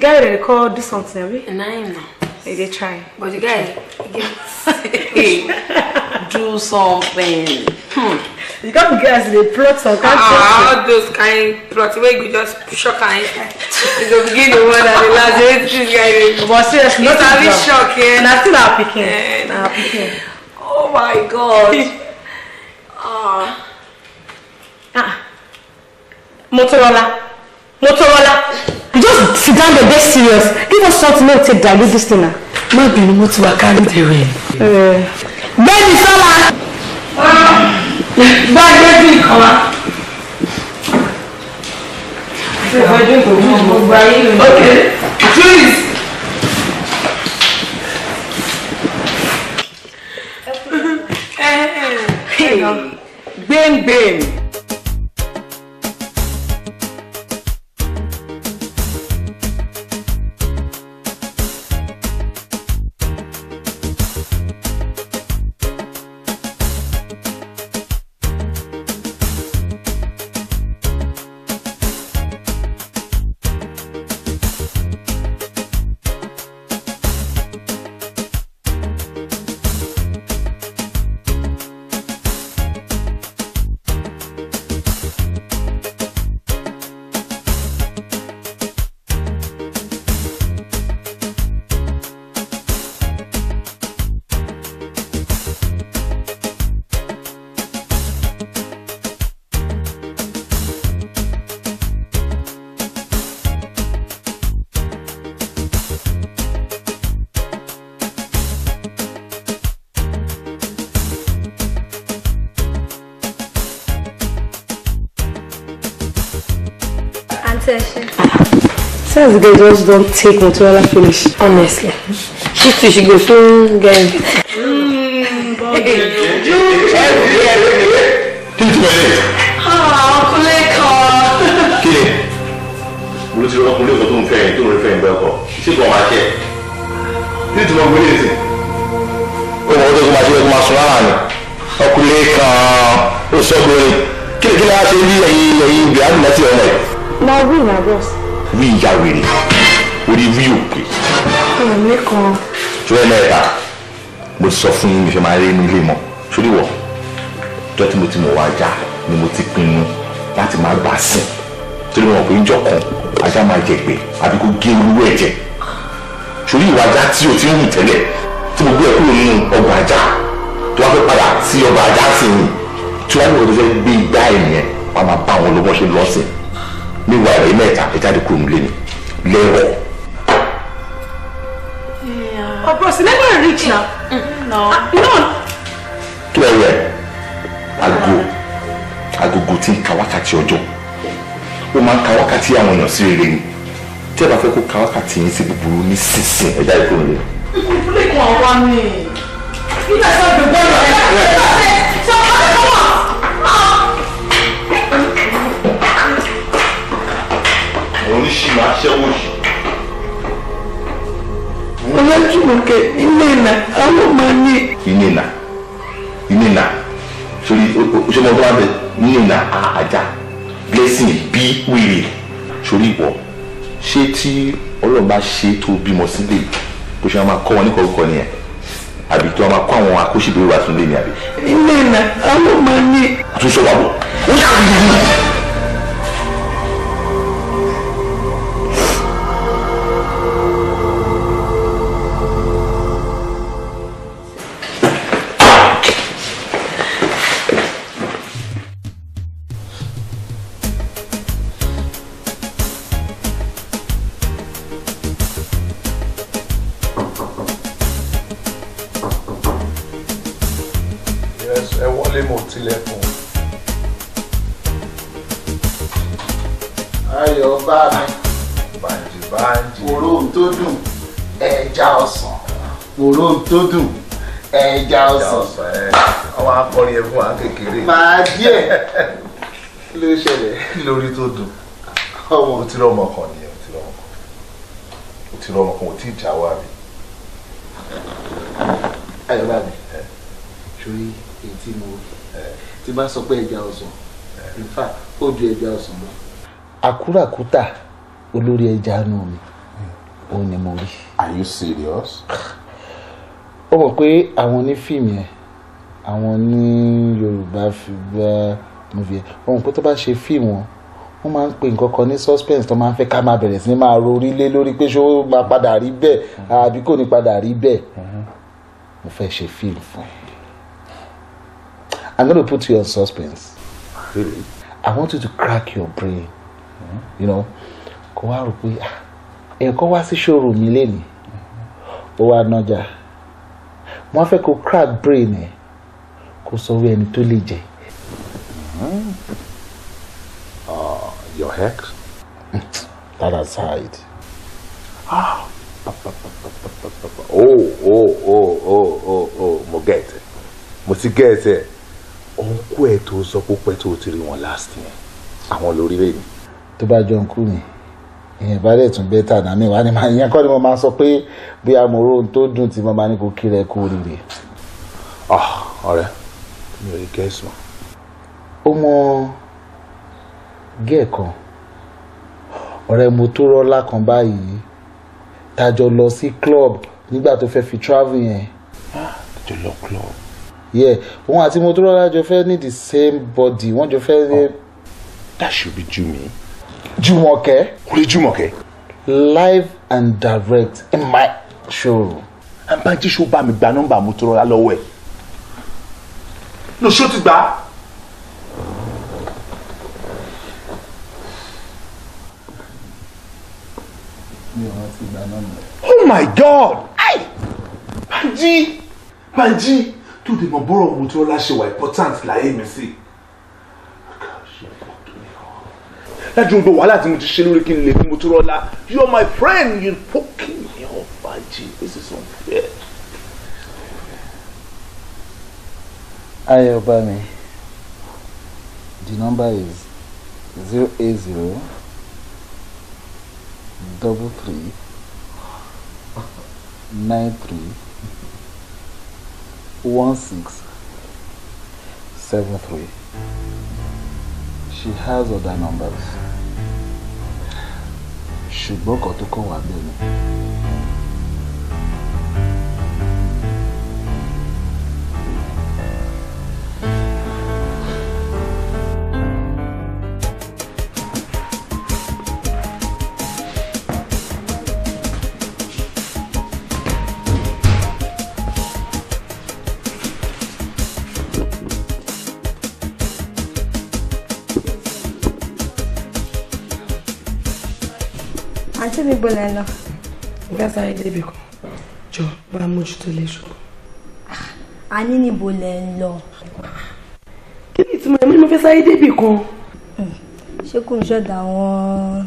The guy that they call do something, abi? Na him They, try. But the guy, get do something. Hmm. You can't guess the plot some kind ah, of all those kind plots where you just shock and you go begin the one that the last day this guy. But seriously, not a shocking. shock, yeah. Na still our pikin. Eh, Na our pikin. Oh my god. ah. Ah. Motorola. Motorola sit down dey dey serious give us something make we take dilute this thing na. má no mo to wá carry the rain. gbẹ́ni sọ́la. bá a gbé bí nǹkan wa. Okay, please. Hey, hey, hey. Sometimes girls just don't take Motorola finish. Honestly. She too, she goes, mm, girl. Mm, body. Think to my leg. Ah, ọkùnrin kan. Kí ni? Mo ló ti rọ́ ọkùnrin kan tó ń fẹ́ yẹn tó ń fẹ́ yẹn bẹ́ẹ̀ kọ́. Ṣé kò máa jẹ́? Ní ìtumọ̀ gbé ní ìsìn. Ó mọ̀ ọ́dọ́ tó máa ṣe ẹ̀kọ́ máa boss mi ìyá wèrè orí mi ò pé. ọ̀rẹ́ kan. ṣùgbọ́n ẹlẹ́ẹ̀ta mo sọ fún yín ìfẹ́ máa rí inú ilé mọ́ sórí wọ̀ jọ́ tí mo ti mọ̀ wá ajá ni mo ti pinnu láti máa gbà sìn torí mo mọ̀ pé ìjọ kan ajá máa jẹ pé àbí kó gé olúwẹ̀ ẹ̀jẹ̀ sórí ìwà ajá tí o ti ń rìn tẹ́lẹ̀ tí mo gbé ẹ kúrò nínú ọgbà ajá tó wá fẹ́ padà sí ọgbà ajá sí ni tí wọ́n ní ọdún fẹ́ gbé igbá ẹ̀ yẹn wọ́n máa bá àwọn olówó ṣe lọ́sìn mi wà rẹ̀ mẹ́ta ẹ jáde kúrò nílé mi lẹ́wọ̀. ọ̀pọ̀ sí lẹ́gbẹ̀ẹ́ rich na. kí ẹ rẹ̀ aago agogo tí ń ka wákàtí ọjọ́ ó máa ń ka wákàtí àwọn èèyàn sí rere ni tí ẹ bá fẹ́ kó ka wákàtí yín sí búburú ní sísìn ẹ jáde kúrò nílé. ìkùnkùn lè kàn wá ní. kí lè sọ ìdògbò rẹ̀. Fúnkẹ́ Iléna alọ́mọdé. Iléna Iléna sori sọmọ tó bá bẹ Iléna ajá blessing bí wíìrì sori ìwọ ṣé tí Ọlọ́run bá ṣe tó bímọ sílé bó ṣe máa kọ́ wọn ní kọ̀ọ̀kan nìyẹn àbí tí wọ́n máa kọ́ àwọn akóṣèbéèrè wa tún lé ní àbí. Iléna alọ́mọdé. àtúnṣe wà bọ̀ ó yà wíìrì. ti rí ọmọ kan nìyẹn o ti rí ọmọ kan o ti rí kan o ti jà wá mi. ayọ̀ bá mi sórí èyí tí mo ti bá sọ pé ẹja ọ̀sán in fact ó ju ẹja ọ̀sán lọ. àkúràkútà olórí ẹja nù mi òun ni mo rí. are you serious? ó mọ̀ pé àwọn onífíìmù yẹn àwọn ní yorùbá fi gbá mo fi yẹ ohun pé tó bá ṣe fíìmù wọn wọ́n máa ń pè nǹkan kan ní suspense tó máa ń fẹ́ ká máa bẹ̀rẹ̀ sí máa rorí lé lórí pé ṣó máa padà rí bẹ́ẹ̀ àbí kò ní padà rí bẹ́ẹ̀ mo fẹ́ ṣe fíìmù fún I'm gonna put you on suspense really? I want you to crack your brain you know kó wá rò pé ah, ẹ̀kọ́ wá sí ṣòro mi lẹ́nu ó wá nájà wọ́n fẹ́ kó crack brain ẹ̀ kó sọ wí ẹni tó lè jẹ. Mm-hmm. Your hex That aside. Ah. Oh, oh, oh, oh, oh, oh, mo get it. Mo ti get it. Ọ̀nkú ẹ̀ tó sọ púpẹ́ tó ti rí wọn last yẹn. Àwọn lórí rẹ̀ ni. Tó bá jọ ọ̀nkú mi, ìyẹn bá dẹ̀ tún bẹ́tà náà mi wá ní màá ìyẹn kọ́ ni mo máa sọ pé a mo ro ohun tó dùn tí mo máa ní kó kí rẹ kú Ah, Ọ̀rẹ́ mi ò rí gẹ̀ẹ́sì mọ́. Ó mọ gẹ́ẹ̀ kan ọ̀rẹ́ mo tó rọ́lá kan báyìí tájọ lọ sí club nígbà tó fẹ́ fi travel yẹn. Ah, tájọ lọ club. yeah òun àti mo tó rọ́lá jọ fẹ́ ní the same body wọ́n jọ fẹ́. Oh, that should be Jumi. Jùmọ̀kẹ́. Kúlẹ̀ Jùmọ̀kẹ́. live and direct in my show. showroom. àǹbájíṣó bá mi gba nọ́mbà mo tó rọ́lá lọ́wọ́ ẹ̀. lọ́sọ̀ ti gbà á. oh my god ayi Banji Banji to the mọ̀ bọ́rọ̀ mo tí important like mi sí. lájú gbogbo wàhálà tí to ti ṣe lórí kí n lè you are my friend you fucking me off Banji this is unfair. Ayo, bá the number is zero eight zero double three nine three one six seven three. She has other numbers. She broke tó to come bẹ́ẹ̀ ni. àti níbo lẹ lọ. ìgbà sáré débi kan jọ bá mójútó léṣu. àní ah, níbo lẹ ń lọ. kí ni ìtumọ̀ ẹ̀mí ni mo fẹ́ sáré débi kan. Hmm, ṣé kò ń ṣọ̀dà wọn.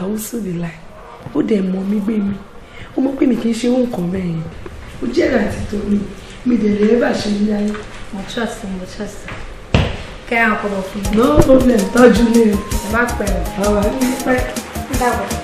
àwùsù bí láì ó dẹ̀ mọ̀ mí gbé mi ó mọ̀ pé mi kì í ṣe nǹkan bẹ́ẹ̀ yẹn ó jẹ́rìí àti tòun mi dẹ̀ lè ẹ́ ṣe ní ayé. mo trust mo trust kẹ́ àwọn ọkọ̀ lọ fún mi. no problem tọ́jú ní o. ẹ má pẹ́ o. àwọn àdúgbò pẹ́. 한다고.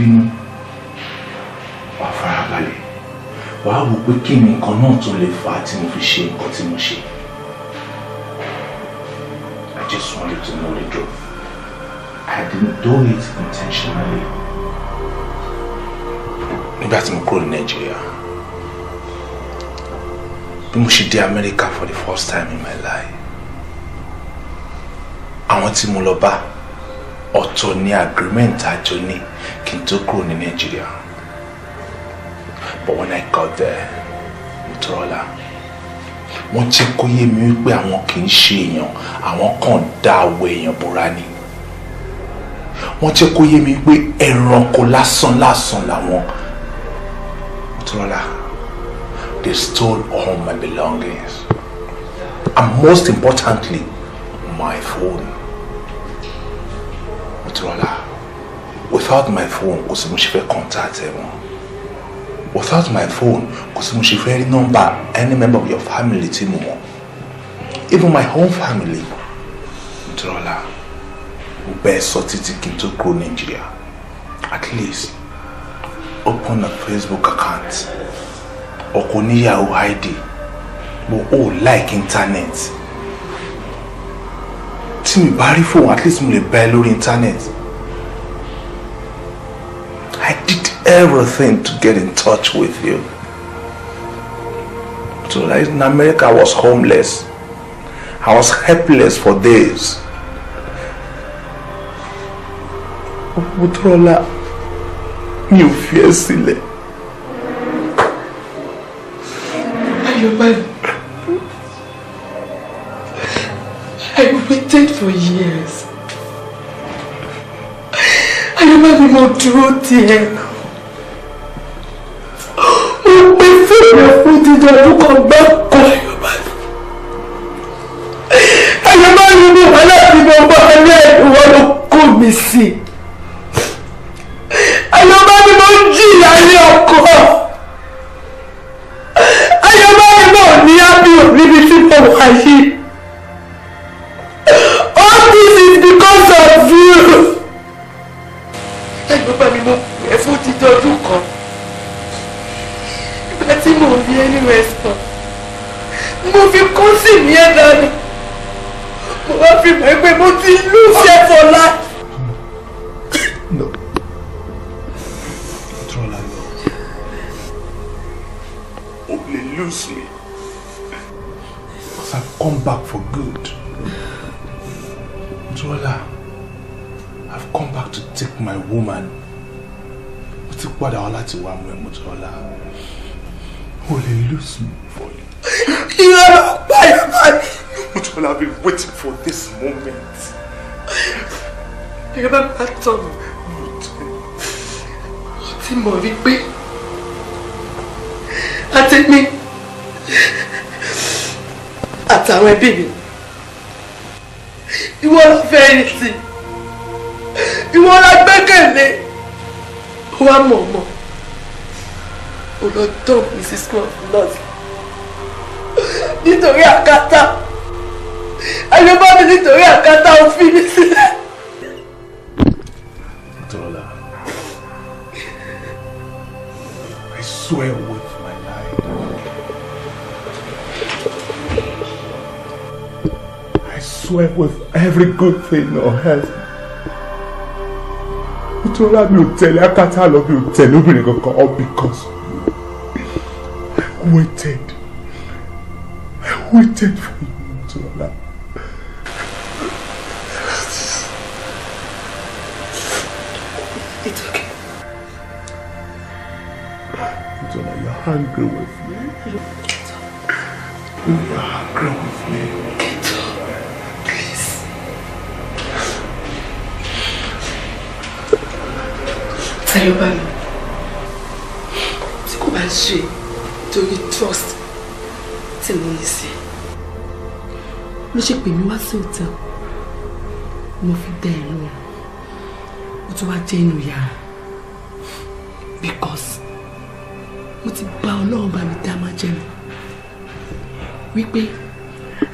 bínú wà farabalẹ̀ wà á wò pé kí ni nǹkan náà tó lè fà á tí mo fi ṣe nǹkan tí mo ṣe I just wanted to know the truth I didn't do it intentionally nígbà tí mo kúrò ní Nàìjíríà bí mo ṣe dé Amẹ́ríkà for the first time in my life àwọn tí mo lọ bá ọ̀tọ̀ ni agreement àjọ ní kí n tó kúrò but when i got there mo tọrọ la wọ́n jẹ́ kó yé mi wípé àwọn kì í ṣe èèyàn àwọn kàn dá àwọ̀ èèyàn bora ni wọ́n jẹ́ kó yé mi pé ẹranko lásán lásán làwọn mo they stole all my belongings and most importantly my phone. Motorola without my phone kò sí mo ṣe fẹ́ contact ẹ wọn without my phone kò sí mo ṣe fẹ́ rí nọ́mbà any member of your family tí mo mọ̀ even my own family Motorola mo bẹ́ẹ̀ sọ títí kí n tó kúrò Nàìjíríà at least open a Facebook account ọkọ oníyàwó id mo ò like internet tí mi bá rí fóun at least mo lè bá lórí internet I did everything to get in touch with you so right in America I was homeless I was helpless for days Ògúntọ́lá mi ò fi ẹ́ sílẹ̀ ayọ̀ báyìí. waited for years. I ni mo dúró tiẹ̀. Mo gbé fèrè fún dídí ọdún kan gbáko Ayọ́má ni. Ayọ́má ni mo wà láti mọ ọmọ alẹ́ ìwọ́n ló kó mi sí i. fi mọ̀ pé mo ti lùsẹ̀ fọlá. Only lose me. Because I've come back for good. Trola, I've come back to take my woman. Mo ti padà wá láti wá mú ẹ, Motrola. Only lose me for you. You are people have been waiting for this moment. Ìrọ̀lá látọ̀ mi ò tí mọ̀ rí pé àtẹ̀mí àtàwọn ẹbí mi ìwọ la fẹ́ ẹni sí ìwọ la gbẹ́kẹ̀lé wa mọ̀ọ́mọ̀ ò lọ dán Mrs. Crump lọ́sí nítorí àkátá ẹni bá mi nítorí àkátá òfin mi sílẹ̀. Tọ́lá, I swear with my life. I swear with every good thing on earth. Tọ́lá mi ò tẹ̀lé àkátá lọ mi ò tẹ̀lé obìnrin kankan all because I waited. I waited for you, Tọ́lá. angry with me. You are angry with me. Get up. Please. tí your bá ń ṣe torí trust Do you trust? sí, ló ṣe pè mí wá sí hòtẹ́ẹ̀lì, mo fi dá ẹ̀ lóhùn, ó tún wá jẹ́ inú because mo ti bá ọlọ́run bá mi dá máa jẹ́ mi wípé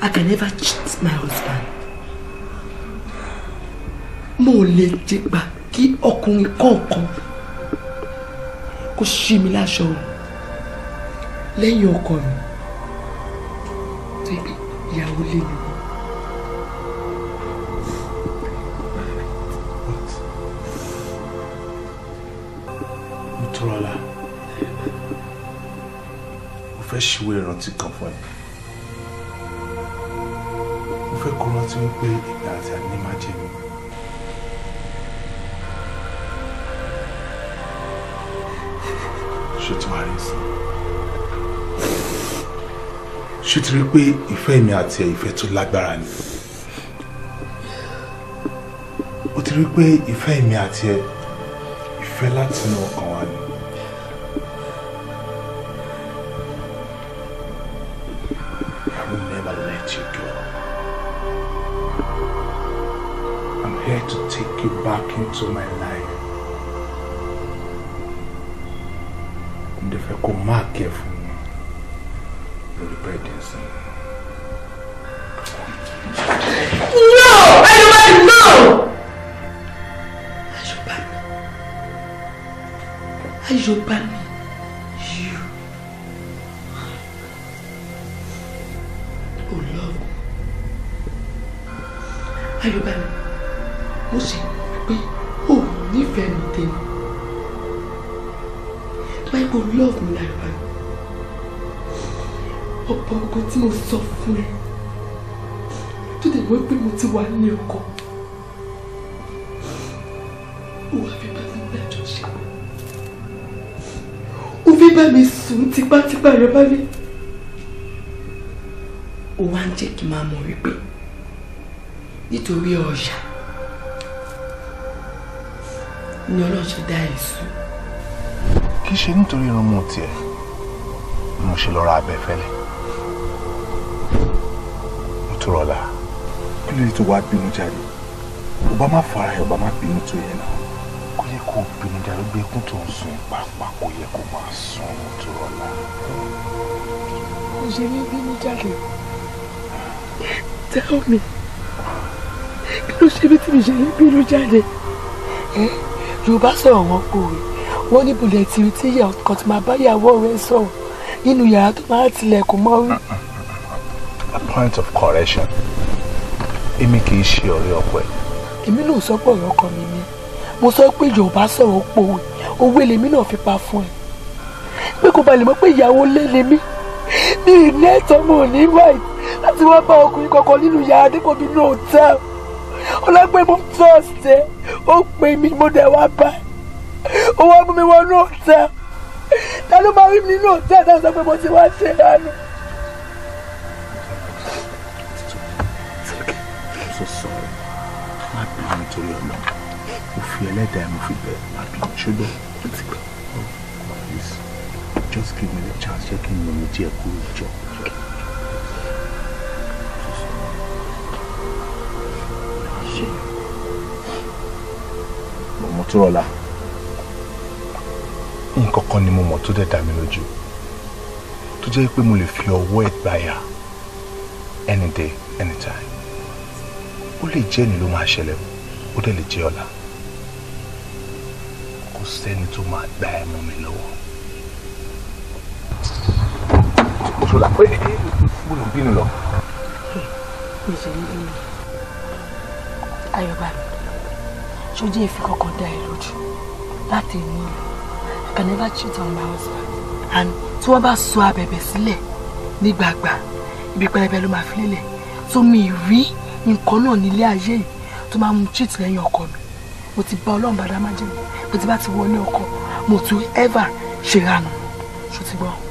I can never cheat my husband mo ò lè jìgbà kí ọkùnrin kọ̀ọ̀kan kó ṣí mi láṣọ o lẹ́yìn ọkọ mi tó yẹ pé ìyàwó lé mi. fẹ́ ṣíwé ìrántí kan fún ẹ mo fẹ́ kó rántí wípé ìgbà àti àní máa jẹ mi. ṣe ti wá rí sí ṣe ti pé ìfẹ́ mi àti ìfẹ́ tó lágbára ni o ti rí pé ìfẹ́ mi àti ẹ̀ ìfẹ́ látinú ọkàn. 是美。tí mo sọ fún ẹ tó dẹ̀ mọ́ pé mo ti wà ní ọkọ ó fi bá mi sùn tipátipá rẹ bá mi ó wá ń jẹ́ kí n máa mọ̀ wípé nítorí ọ̀yà ni ọlọ́run dá èso. kì í ṣe nítorí irun mu tiẹ̀ mo ṣe lọ ra abẹ́fẹ́lẹ́. Tùrọ̀lá kí ló dé tó wá bínú jáde ó bá má fara ẹ̀ ó bá má bínú tó yẹ náà kó yẹ kó bínú jáde ó gbé ẹkún tó ń sun pàápàá kó yẹ kó máa sun Tùrọ̀lá. ó ṣe mí bínú jáde tell me kí ló ṣe bí tí mi ṣe ń bínú jáde yorùbá sọ̀rọ̀ wọn kò rí wọ́n ní bulẹ̀ tìrì tí ìyá ọkàn ti máa bá ìyàwó rẹ̀ sọ̀rọ̀ nínú yàrá tó máa tilẹ̀kùn mọ́rí point of correction èmi kì í ṣe ọ̀rẹ́ ọkọ ẹ̀. èmi ló sọ pé ọ̀rọ̀ ọkọ mi ni mo sọ pé yorùbá sọ̀rọ̀ pòwe òwe lèmi náà fi pa fún ẹ pé kò balẹ̀ mọ́ pé ìyàwó lé lèmi ní ilé ìtọ́mọ ní right láti wá bá ọkùnrin kankan nínú yàrá dípò nínú hòtẹ́ẹ̀lì ọlọ́gbẹ́ mo trust ẹ ó pè mí mo dẹ̀ wá bá ó wá mi wọnú hòtẹ́ẹ̀lì ta ló máa rí mi nínú hòtẹ́ẹ̀lì tá a sọ pé mo ti wá ṣe dànù. ẹlẹ́dàá mo fi bẹ̀ ṣùgbọ́n ó ti gbà please just give me the chance jẹ́ kí n mọ̀ mi díẹ̀ kúrò jọ. mọ̀mọ́ tó rọ̀la nǹkan kan ni mo mọ̀ tó dẹ̀ dá mi lójú tó jẹ́ pé mo lè fi ọwọ́ ẹ̀ gbáyà any day anytime ó lè jẹ́ ni ló máa ṣẹlẹ̀ ó dẹ̀ lè jẹ́ ọ̀la sẹ́ni tó máa gbá ẹ mọ́ mi lọ́wọ́. ṣọlá pé mo lò bínú lọ. mi ṣe ní bínú ayọ̀bá mi ṣojú èéfì kankan dá ẹ lójú láti I can never cheat on my husband and tí wọ́n bá sọ abẹ̀bẹ̀ sílẹ̀ nígbàgbà ibi pẹrẹbẹ ló máa fi lélẹ̀ So mi rí nǹkan náà nílé ayé yìí to máa mú cheat lẹ́yìn ọkọ mi mo ti bá ọlọ́run bàdá májèlé mo ti bá ti wọlé ọkọ mo tún ever ṣèrànù ṣùtìgbọ́n.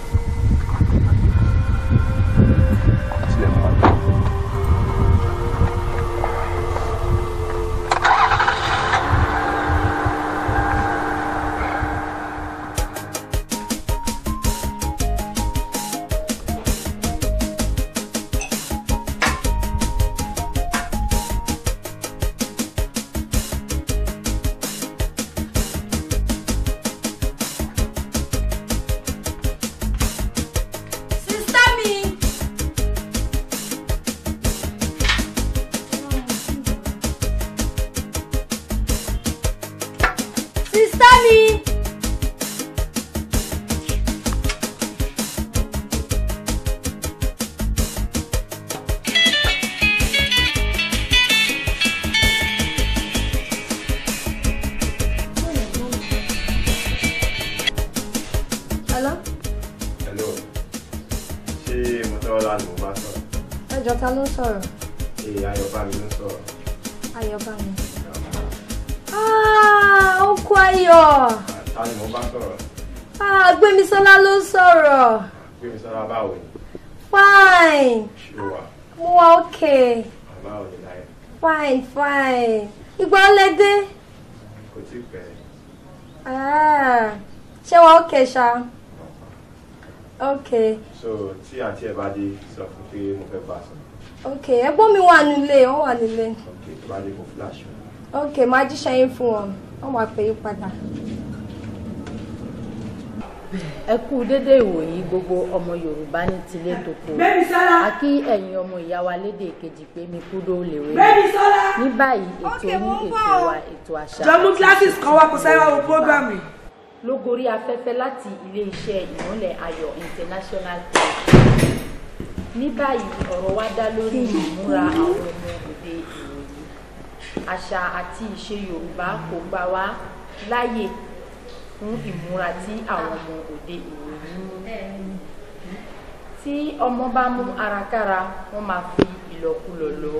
Okay, ẹ̀gbọ́n mi wà nílé wọ́n wà nílé. ok tó bá dé kó flash. ok máa jíṣẹ́ yín fún wọn wọ́n máa pè é padà. ẹ kú dédé ìwòyí gbogbo ọmọ yorùbá ní tilé tòkó a kí ẹ̀yin ọmọ ìyá wa lédè kejì pé mi kú dó lè wé ní báyìí ètò ní ètò wa ètò àṣà jọmú classes kan wá kó sáyà wo program yìí. ló gorí afẹ́fẹ́ láti ilé iṣẹ́ ìmọ̀lẹ̀ ayọ̀ international theatre ní báyìí ọ̀rọ̀ wa dá lórí ìmúra àwọn ọmọ òde ìròyìn àṣà àti ìṣe yorùbá kò gbà wá láyè fún ìmúra tí àwọn ọmọ òde ìròyìn mú tí ọmọ bá mú àràkàrà wọ́n máa fi ìlọkulọ̀ lọ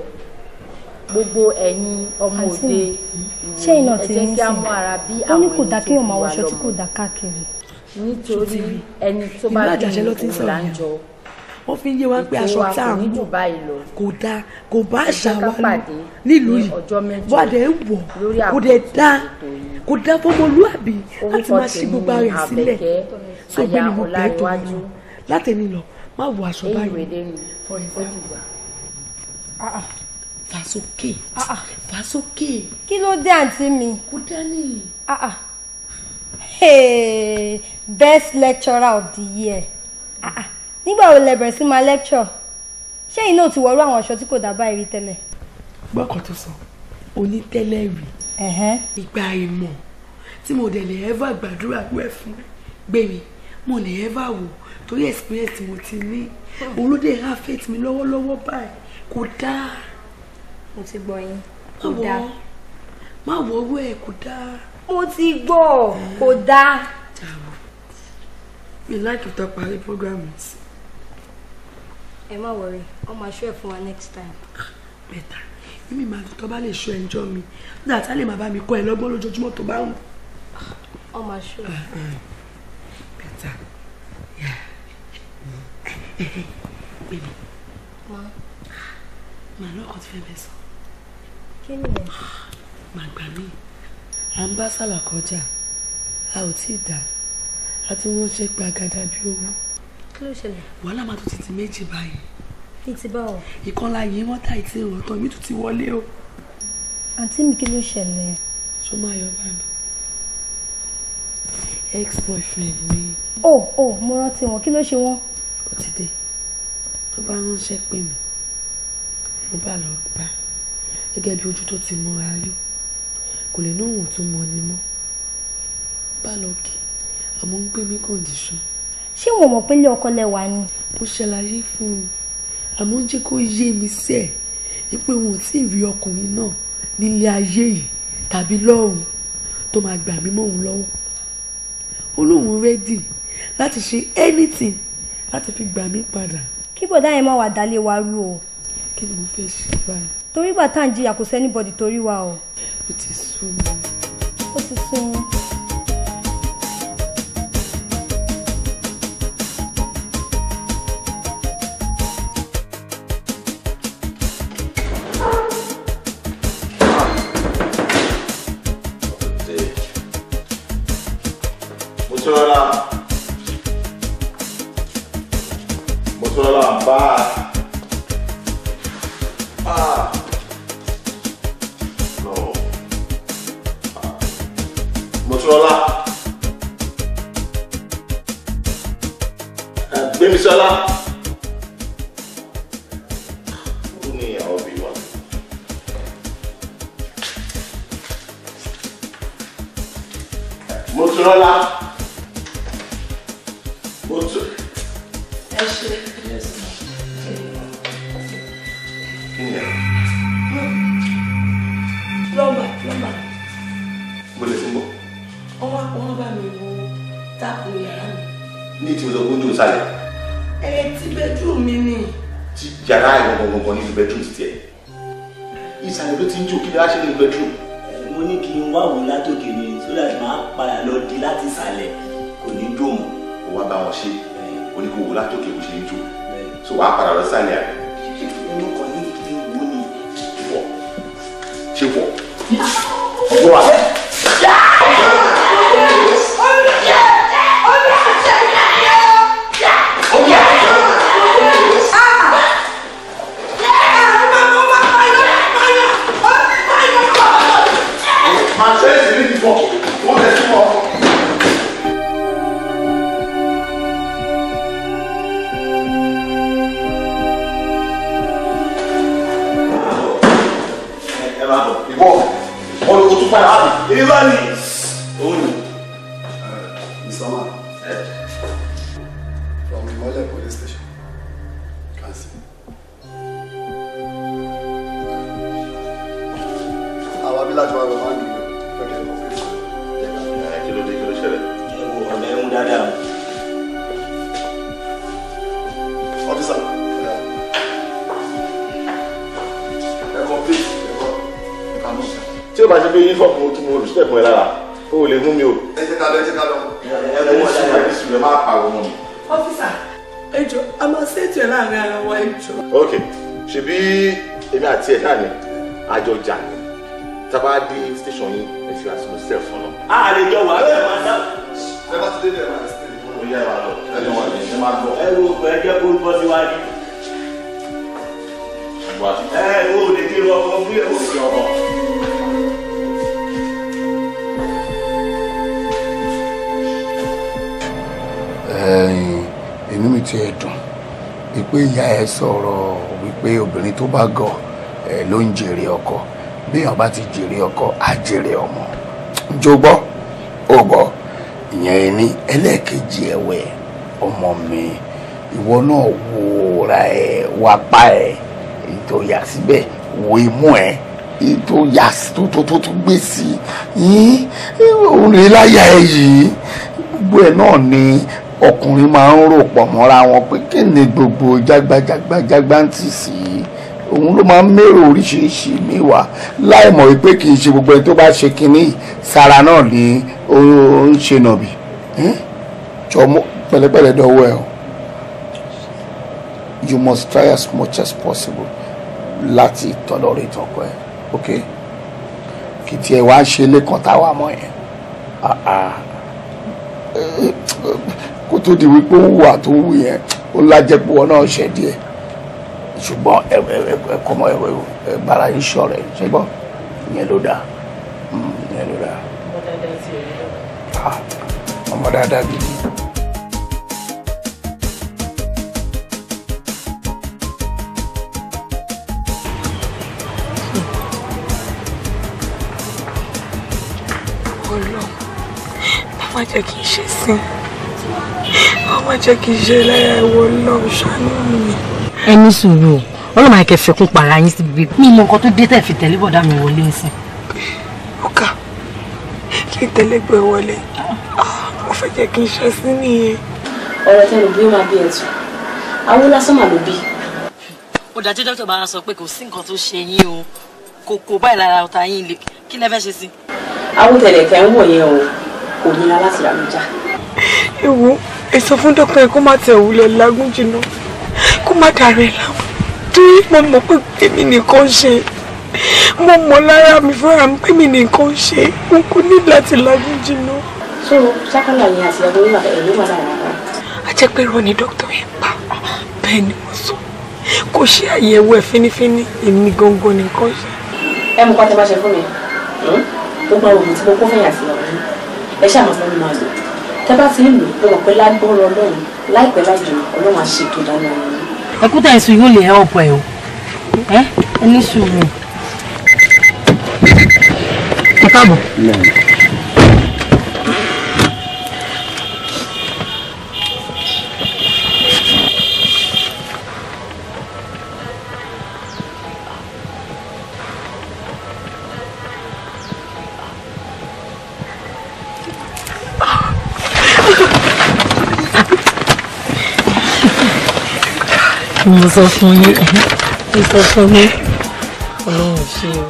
gbogbo ẹ̀yin ọmọ òde ìròyìn ẹ kí á mú ara bí àwọn ẹni tó kù wá lọ́mọ nítorí ẹni tó bá bí ìròyìn là ń jọ wọ́n fi ń yé wa pé aṣọ tá à ń wọ̀ kò dáa kò bá àṣà wa lọ nílùú yìí wà á dẹ̀ ń wọ̀ kò dẹ̀ dáa kò dáa fọmọlúàbí láti máa ṣí gbogbo ara rẹ̀ sílẹ̀ so bẹ́ẹ̀ ni mo bẹ́ẹ̀ tó lọ látẹ̀mí lọ má wọ aṣọ báyìí for example ah, ah, fàsókè ah, fàsókè. kí ló dé àǹtí mi. kò dání. best lecturer of the year. Ah, ah nígbà wo lẹ bẹ̀rẹ̀ sí máa lecture ṣé ẹ̀yin náà ti wọ̀rú àwọn aṣọ tí kò dá báyìí rí tẹ́lẹ̀. gbọ́kàn tó sọ onítẹ́lẹ̀ rí ìgbà ìmọ̀ tí mo dẹ̀ lè ever gbàdúrà wẹ̀ fún gbèmí mo lè ever wò torí experience mo ti ní òun ló dé affect mi lọ́wọ́lọ́wọ́ báyìí kò dáa. mo ti gbọ́ yín kò dáa. má wọ owó ẹ̀ kò dáa. mo ti gbọ́ kò dáa. we like to talk about programs ẹ má wọrí wọn máa ṣó ẹ fún wa next time. bẹ́tà mímì máa tọ́ bá lè ṣó ẹjọ́ mi nígbà tá lè máa bá mi kọ́ ẹ lọ́gbọ́n lójoojúmọ́ tó bá ń. wọn máa ṣó ẹ. bẹ́tà bébì màá lọ́kàn tí fẹ́ bẹ́ sọ. kí ni ẹ. màá gbà mí à ń bá sàlàkọjà a ò tí ì dà á ti wọ́n ṣe gbàgàdà bí owó kí ló ṣẹlẹ̀. wàhálà máa tún ti di méjì báyìí. bí ti bá ọ. ìkànnì ayé wọn ta ìtì ìrọ̀tọ̀ mi tún ti wọlé o. àǹtí mi kí ló ṣẹlẹ̀. sọ máa yọ bá ex boyfriend mi. ó ó mo rántí wọn kí ló ṣe wọn. ó ti dé ló bá ránṣẹ́ pè mí mo bá lọ bá gẹ́gẹ́ bí ojú tó ti mọra rí kò lè náà wò tún mọ ni mọ́ bá lọ kí àmọ́ ń gbé mi kọ̀ǹdíṣàn ṣé wọn mọ̀ pé ilé ọkọ lẹ wà ni. mo ṣàlàyé fún un àmọ́ jẹ́ kó yé mi sẹ́ ẹ pé wọn ò tí ì rí ọkùnrin náà nílé ayé yìí tàbí lọ́run tó máa gbà mí mọ́ lọ́wọ́ ó lóun rẹ́dì láti ṣe anything láti fi gbà mí padà. kí bọ̀dá yẹn má wàá dalé wa rú o. kí ni mo fẹ́ ṣe báyìí. torí gbà tá à ń jìyà kò sẹ́nibọ̀dì torí wa o. ó ti sú mi. bá gọ̀ ẹ̀ ló ń jèrè ọkọ béèyàn bá ti jèrè ọkọ á jèrè ọmọ jogbọ́ ò gbọ́ ìyẹn ni ẹlẹ́ẹ̀kejì ẹ̀wẹ̀ ọmọ mi ìwọ náà wo ra ẹ wá pa ẹ ètò yà síbẹ̀ wo imú ẹ ètò yà tó tó tó tó gbé sí yín òun rè láyà ẹ yìí gbogbo ẹ náà ni ọkùnrin máa ń rò pọ̀ mọ́ra wọn pé kí ni gbogbo jágbájágbá ń tì sí i òun ló máa ń mérò oríṣiríṣi mi wá láìmọ̀ wípé kì í ṣe gbogbo ẹni tó bá ṣe kinní sára náà ni ó ń ṣe nàbì jọ mọ pẹ̀lẹ́pẹ̀lẹ́ dọ́wọ́ ẹ o you must try as much as possible láti tọ́lọ́ rẹ̀ tọkọ ẹ ok kì í tiẹ̀ wá ṣe lẹ́kàn táwa mọ̀ yẹn ah, ah. kó tó di wípé ó wà tó wù yẹn ó lájẹpọ̀ náà ṣẹ̀ ṣùgbọ́n ẹ̀kọ́ mọ́ ẹ̀rọ bára yín ṣọ̀rẹ́ ṣùgbọ́n ìyẹn ló dáa hmm, ìyẹn ló dáa. ọmọ dáadáa gidi. má jẹ́ kí n ṣe sí má jẹ́ kí n ṣe láyà ìwọ lọ́ọ̀ ṣàánú mi ẹ ní sùúrù o ọlọ́mọ àìkẹ́ fẹ̀kún para yín síbi bíbí. mi mọ nǹkan tó dé tẹ̀ fi tẹ̀lé bọ̀dá mi wọlé ẹ̀sìn. ọkà kí n tẹ̀lé gbẹ wọlé mo fẹ́ jẹ́ kí n ṣe sí nìyẹn. ọ̀rọ̀ tẹnu bí ó máa bí ẹ̀tù àwọn lásán mà ló bí. ó dájú dókítà bá sọ pé kò sí nǹkan tó ṣe yín o kò kò báyìí lára ọ̀tá yín lè kí lẹ fẹ́ ṣe sí. àwọn tẹ̀lẹ̀tẹ̀ ń wọ̀ yẹn o kò nira láti rà lójà. ẹ wo ẹ sọ fún dókítà yẹn kó má tẹ̀ òwúlẹ̀ kó má dàrẹ́ láwọn torí mo mọ̀ pé èmi nìkan ṣe mo mọ̀ lára mi fúnra mi pé mi nìkan ṣe n kò ní láti lajú jìnnà. ṣé o ṣákàlà yẹn àti ìyàwó ìwà ẹ̀rọ wà lára wa. a jẹ́ pé irọ́ ni dókítà yẹn pa bẹ́ẹ̀ ni mo sọ kò ṣe àyẹ̀wò ẹ̀ fínífíní èmi gangan nìkan ṣe. ẹ mú kọ́ tẹ bá ṣe fún mi hm? gbogbo àwọn òbí tí mo kó fẹ̀yà sí ọ̀rọ̀ yìí ẹ ṣáà mọ̀ mi máa lò tẹ́ bá ti ń lò ó mọ̀ pé lágbóró ọlọ́run láìpẹ́ láìjọ ọlọ́run àṣetò dáná ọ̀run. ẹkúta ẹ̀sùn yóò lè help ẹ o oh. eh? ẹ ní sùúrù. ẹ káàbọ̀. mo sọ fún yín mo sọ fún yín ọlọ́run ṣe o.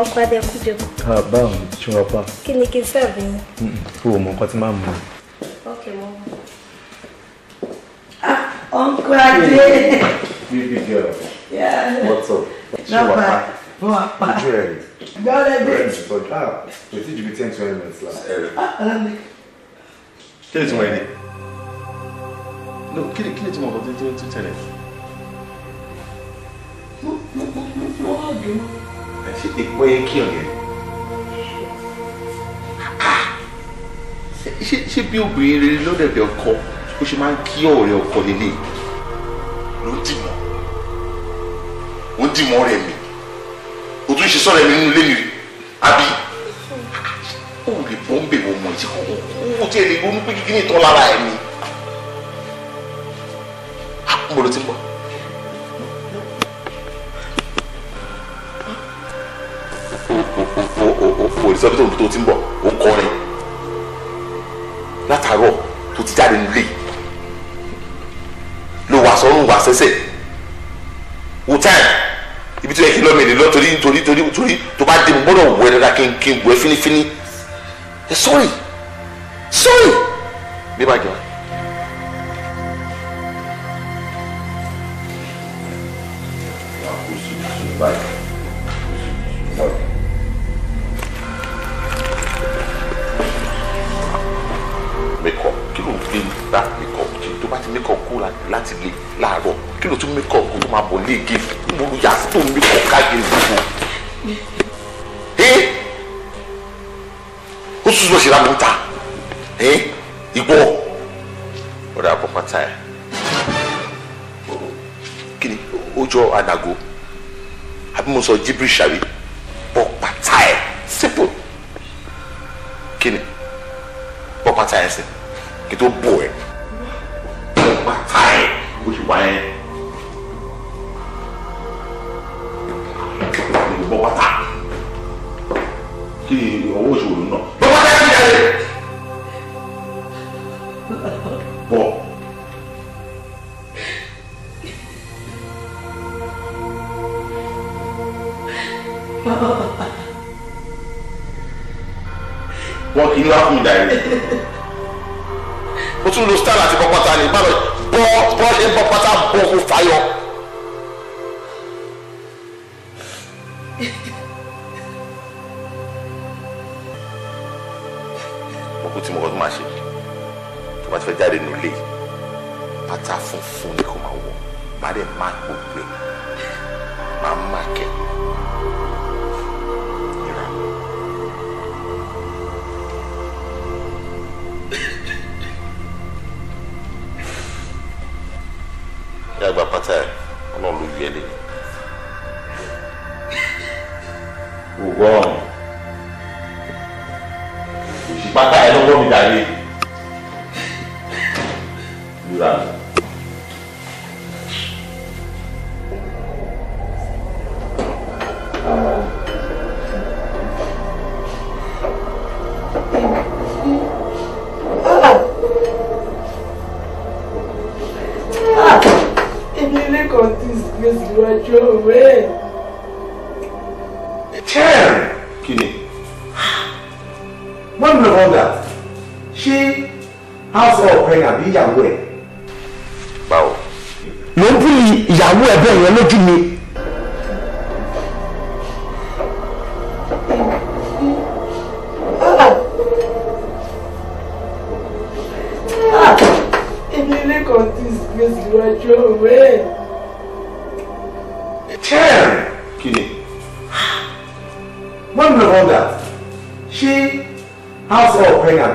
ọkọ adẹkùdẹkù. Ah, báwo ni ṣé wọn pa. kí ni kí n sẹ́ẹ̀bù yín. o ò mọ nǹkan tí máa mú un. ok ah, adé. baby girl. yeah. what's up. ṣé wàá pa. pa. Brent for that. They teach you 10 20 minutes last. Kí ni tí mo ẹni? No, kí ni kí ni tí mo kọ́ tí tí tẹ̀lé? Mo mo mo mo mo á dùn. Ẹ ṣe ìpọ́n yẹn kí ọ̀yẹ́. Ṣé ṣé bí obìnrin rere lọ́dẹ̀dẹ̀ no, bó no, máa ń kí ọ̀rẹ́ ọkọ lélẹ̀? Ló dì mọ́, ó dì mọ́ rẹ̀ mi tún ṣe sọ̀rọ̀ ẹni nínú mi rí àbí ó lè bọ́ ń bèbò mọ̀ tí kò tí ẹ ronú pé kíkí ní ìtọ́ lára ẹ̀ ni mo ló ti ń bọ̀. òrìṣà tó tó ti ń bọ̀ ó kọrin látàárọ̀ tó ti jáde nílé ló wàásọ̀ ń wàásẹ̀sẹ̀ wò táyà ibi tó yẹ kí lọ́mìnì lọ torí torí torí torí tó bá dé mo gbọ́dọ̀ wọ ẹ dáadáa wọ ẹ fínífíní ẹ sọ́ọ̀rì sọ́ọ̀rì bí bá jọ. Make up, kí ló ń gbé ní báyìí bá ti mẹ́kọ̀ kú láti lè láàárọ̀ kí ló tún mẹ́kọ̀ kó tó máa bọ̀ ní ègé mo lu yàtọ̀ tó mẹ́kọ̀ káàkiri gbogbo. ó tún sọ ṣe láàmú ta ìgbọ́ ọ̀rẹ́ àbọ̀pátá ẹ̀ kí ni ó jọ anago àbí mo sọ gibrish àbí bọ̀pátá ẹ̀ simple kí ni bọ̀pátá ẹ̀ sí kí tó bọ̀ ẹ̀. 喂。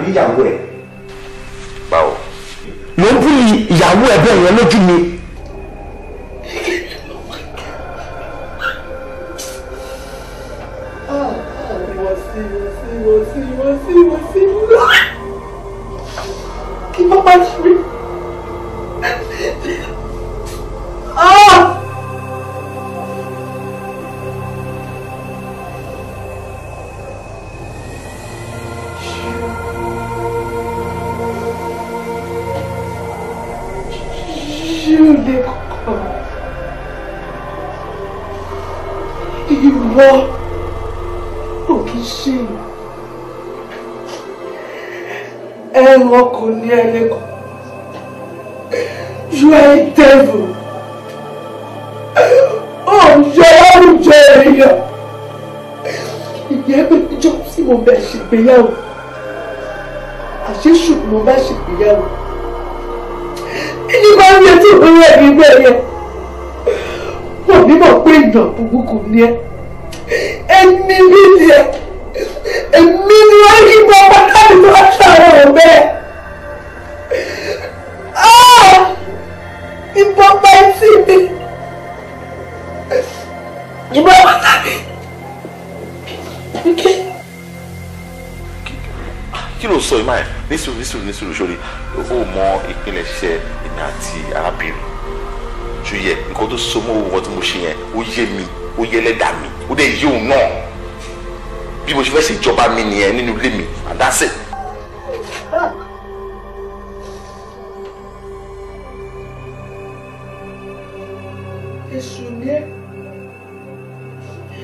比较贵。Esumie,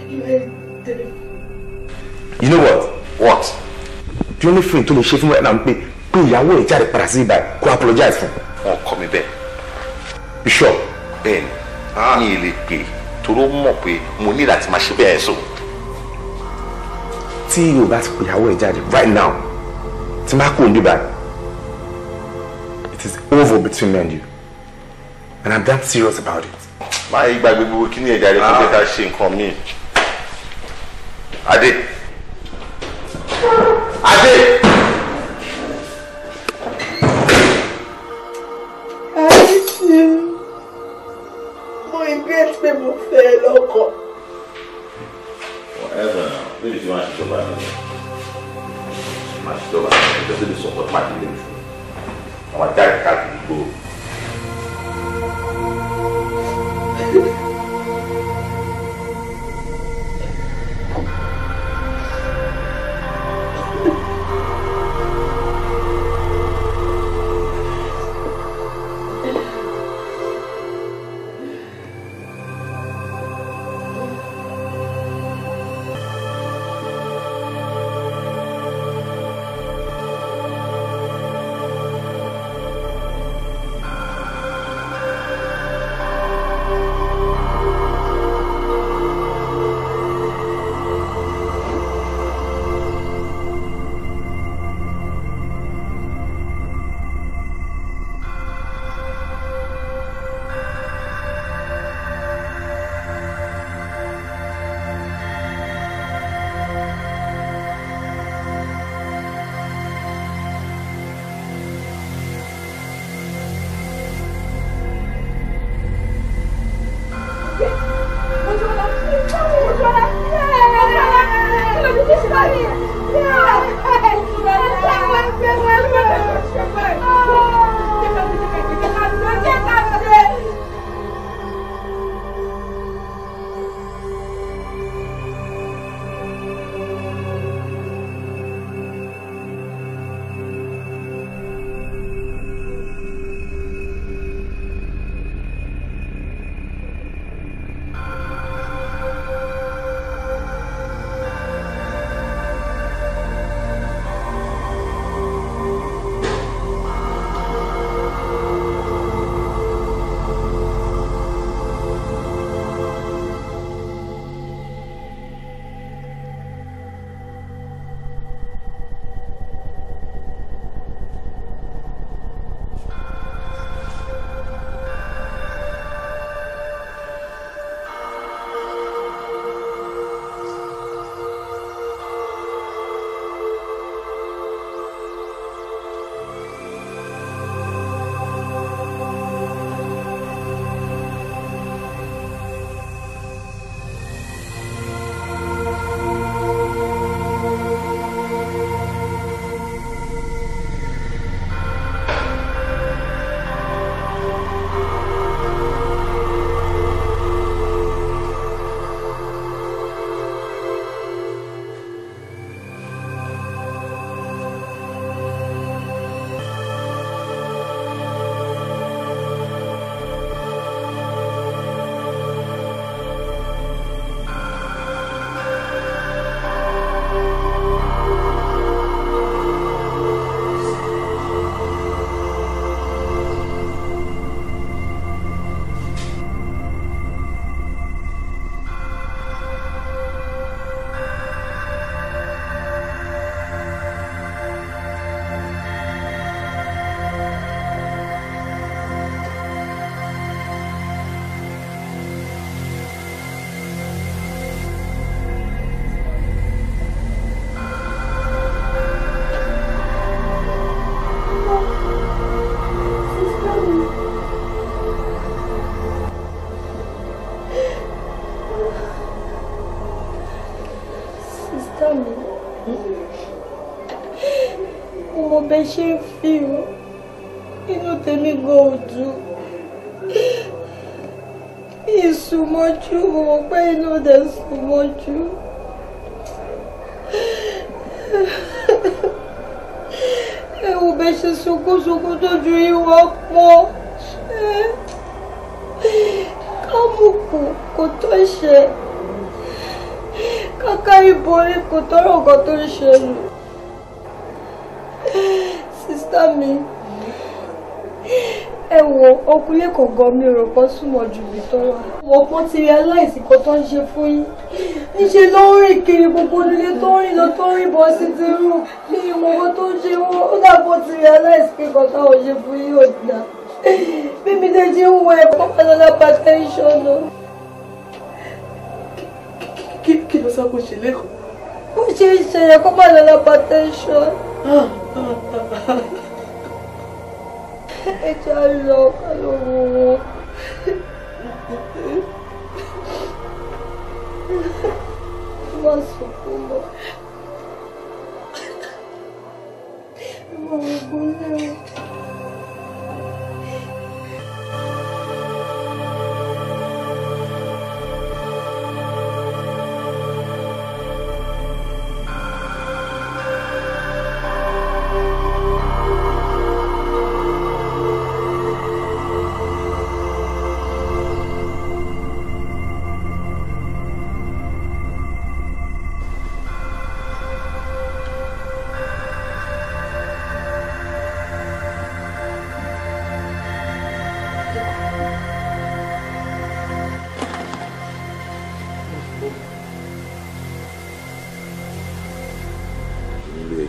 you are You know what? What? The only thing to me ṣe fún mi be? pé pé ìyàwó to jáde padà sí ibà kó apologize for? Oh, kọ́ mi bẹ́ẹ̀. You sure? Ben. Ah. mi ì lè pè toró mọ̀ pé mo ní láti máa ṣe bẹ́ẹ̀ sọ. Tí yóò bá ti pè ìyàwó ẹ̀ jáde right now, tí máa cool, o dé It is over between me and you. And I'm damn serious about it máa yí gbàgbé gbogbo kí ni ẹ̀já rẹ̀ fún pé ká ṣe nǹkan míì. Adé. ṣe ń e o inú tèmi gan ojú ìsùnmọ́jú mo mọ̀ pé inú dẹ̀ sùnmọ́jú. ẹ wo bẹ ṣe sunkún sunkún tójú ìwọ pọ̀ kábùkù kò tó ṣe kàkà ìborí kò tọrọ nǹkan tó ń ṣe lù sísá mi ẹ wo ọkùnrin kò gan mi rò pọ́ súnmọ́ jù mí tọ́lá wọ́n pọ́n ti rí aláìsíkọ́ tó ń ṣe fún yín níṣẹ́ ló ń rìn kiri gbogbo nílé tó ń rìn lọ tó ń rìn bọ́ sí ti rù ní ìmọ̀wọ́ tó ń ṣe wọ́n ó dàbọ̀ ti rí aláìsíkọ́ táwọn ṣe fún yín ò dà lè ṣe ń wọ ẹ̀kọ́ pẹ̀lọ́lá pàtẹ́ńṣọ́ lọ. kí ló sọ kó ṣe lẹ́kọ̀ọ́? ó ṣe é ṣe ẹ̀kọ́ pẹ̀lọ́lá pàtẹ́ńṣọ́. 잘나가요 고맙소 고마워 고마워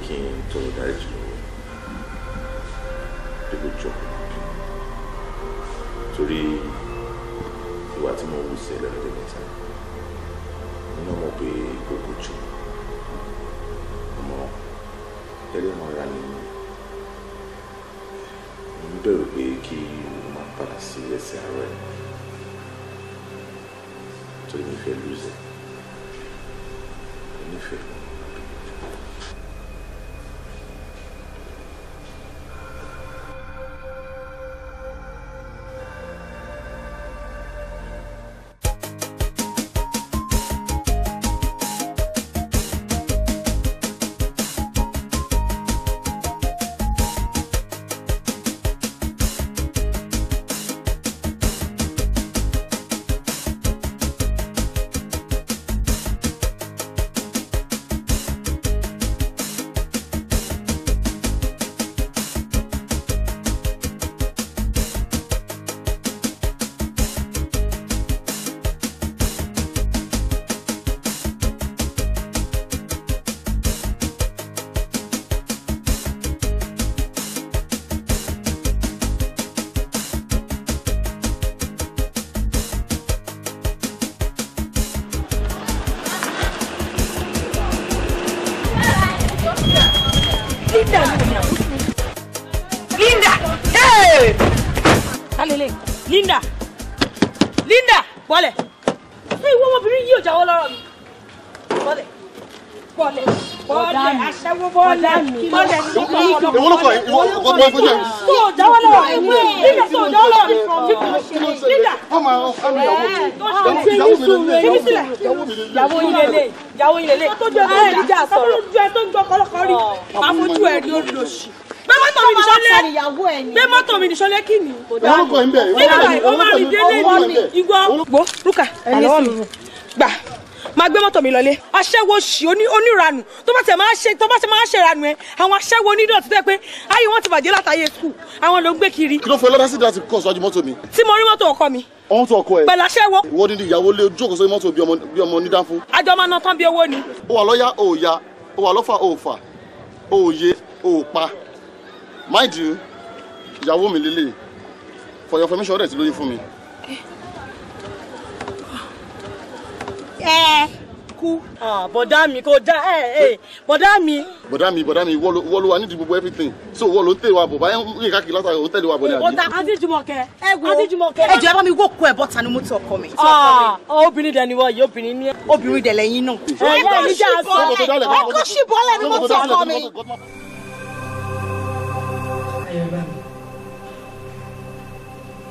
kí n tó dárí jù lọ́wọ́ dípò jókòó torí ìwà tí mo wù sí ẹ lẹ́nu mẹ́ta mo náà mọ̀ pé gbogbo jù ọmọ tẹ́lẹ̀ mọ́ ra nínú mo ń bẹ̀rù pé kí mo máa padà sí ẹsẹ̀ àárọ̀ ẹ̀ torí mi fẹ́ lùzẹ̀ mo nífẹ̀ẹ́. ìwọ ló kọ ìwọ gbọgbọ ìfojú ẹ. tó o jáwọ́ lọ́wọ́ mi nígbà tó o jáwọ́ lọ́wọ́ mi nígbà. ọmọ ọmọ ìyàwó mi ìyàwó mi lè lè ìyàwó mi lè lè ìyàwó mi lè lè tó jẹ ẹ níjà sọ̀rọ̀ tó jẹ tó ń gbọ́ kọlọkọ rí àfojú ẹ ní orí lòsì gbé mọ́tò mi nìṣọ́lé gbé mọ́tò mi nìṣọ́lé kì ní. olùkọ́ ìbẹ̀ olùkọ́ ìbẹ̀ olùkọ́ ìbẹ̀. ìgbọ́ rúkà gbà máa gbé mọ́tò mi lọlé aṣẹ́wó ṣì oníranù tó bá ti máa ṣe tó bá ti máa ṣe ranù ẹ àwọn aṣẹ́wó onídọ̀tí tẹ́ pé ayé wọn ti bàjẹ́ látàyè skul àwọn ló ń gbé kiri. kí ló fẹ́ lọ́dá sí ìdá tí kò sọ́jú mọ́tò mi. tí mo rí mọ́tò ọkọ mi. ọ̀hún tó ọkọ ẹ. pẹ̀lú aṣẹ́wó. ìwọ ni ìyàwó lé ojú òkòsó mọ́tò bí ọmọ onídàáfó. àjọ máa ná tán bí owó ni. ó wà lọ́yà ó ya ó wà lọ́fà ó fà ó yé ó pa mind you ìyàwó mi lélẹ̀ for your information ọ̀rẹ́ ti lóyún ẹ kú. bọ̀dá mi kò dá ẹ ẹ bọ̀dá mi. bọ̀dá mi bọ̀dá mi wọ́ọ́ ló wa nídìí gbogbo everything so wọ́ọ́ ló ń tẹ̀lé wa bọ̀ báyẹn ń yín káàkiri látàrí òun tẹ̀lé wa bọ̀ ní àbí. ọ̀tá àti jùmọ̀kẹ́ àti jùmọ̀kẹ́. ẹ jọ ẹ bá mi wó kó ẹ bọ́ta ni mo ti ọkọ mi. Ah, obìnrin dẹ ni wọ yìí obìnrin ni. obìnrin dẹ lẹ́yìn náà. ọkọ ṣì bọ́lẹ̀ ni mo ti ọkọ mi.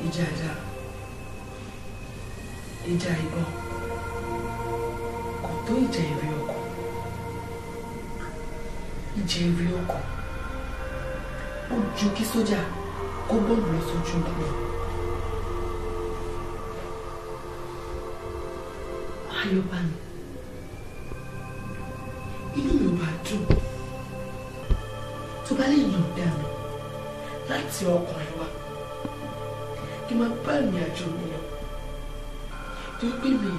ìjà ìjà ìjà ìbọn ṣùgbọ́n ìjà ìrè ọkọ̀ ìjà ìrè ọkọ̀ ó ju kí sójà kó bọ́ọ̀lù lọ sójú ìgbà ayọ̀ bá mi inú mi ò bá dùn tó bá lè yàn dá mi láti ọkùnrin wa kí n máa bá ìrìn àjò mi lọ torí pé mi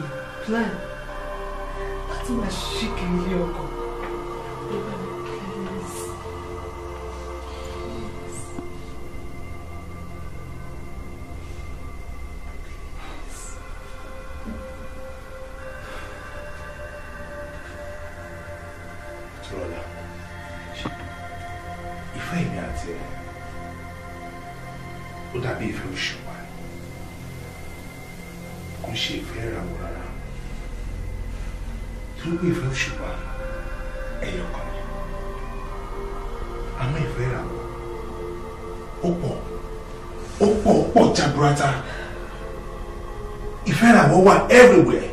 plan. láti máa ṣìkìrì ilé ọkọ. pọ̀ jaburata ìfẹ́ làwọn wà everywhere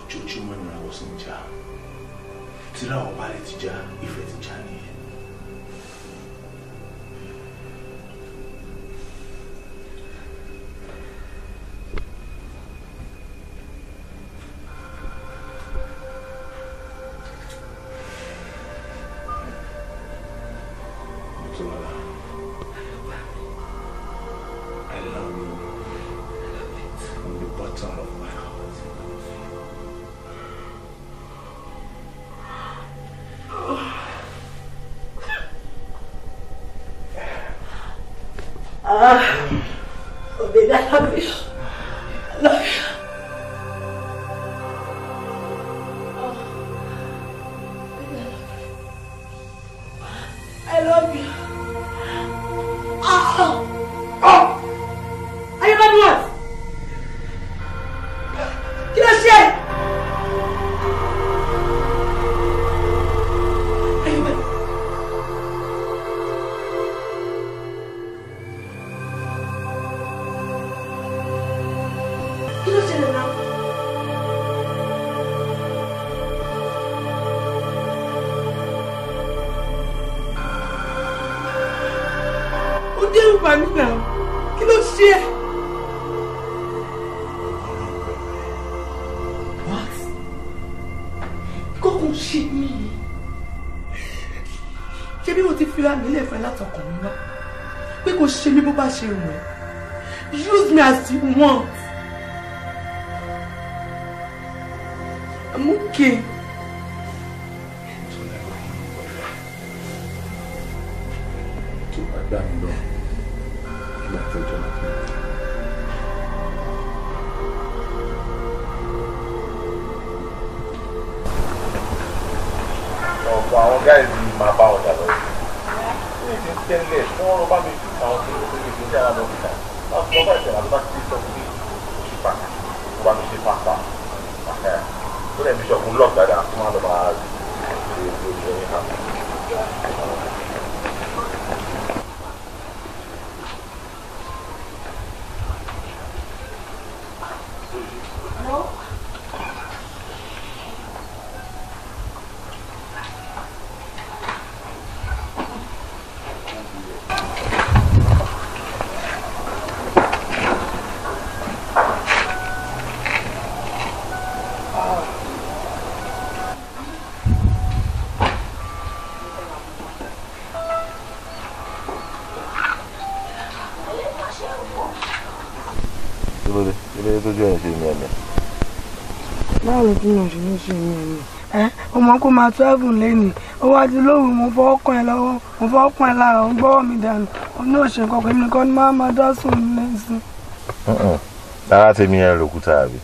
ojoojúmọ́ ni àwọn sì ń jà tíra ọba Uh, ṣe wù ẹ́ use me as you want I'm okay. gbà mí lọ kí ní ìdí tẹ́lẹ̀ tí wọ́n rọ bá mi fi àwọn tí ó ti fi ní ara dókítà láti lọ́gbà ìṣẹ̀lẹ̀ àti bá ti sọ fún mi ṣì pàkà ó bá mi ṣe pàkà ó lẹ́ẹ̀ bíṣọ̀kù ńlọ́ọ̀dà àti máa lọ́ọ́ nínú oṣù méjì ní ẹ̀mí ẹ ọmọ máa twelve lẹ́nu ó wá ti lóhùn mo fọwọ́ kàn ẹ́ lọ́wọ́ mo fọwọ́ kàn ẹ́ lára ó gbọ́wọ́ mi dànù ní òṣè kankan èmi nìkan ni máa máa dá sùn lẹ́sìn. rárá tèmi ẹ lòkúta àbí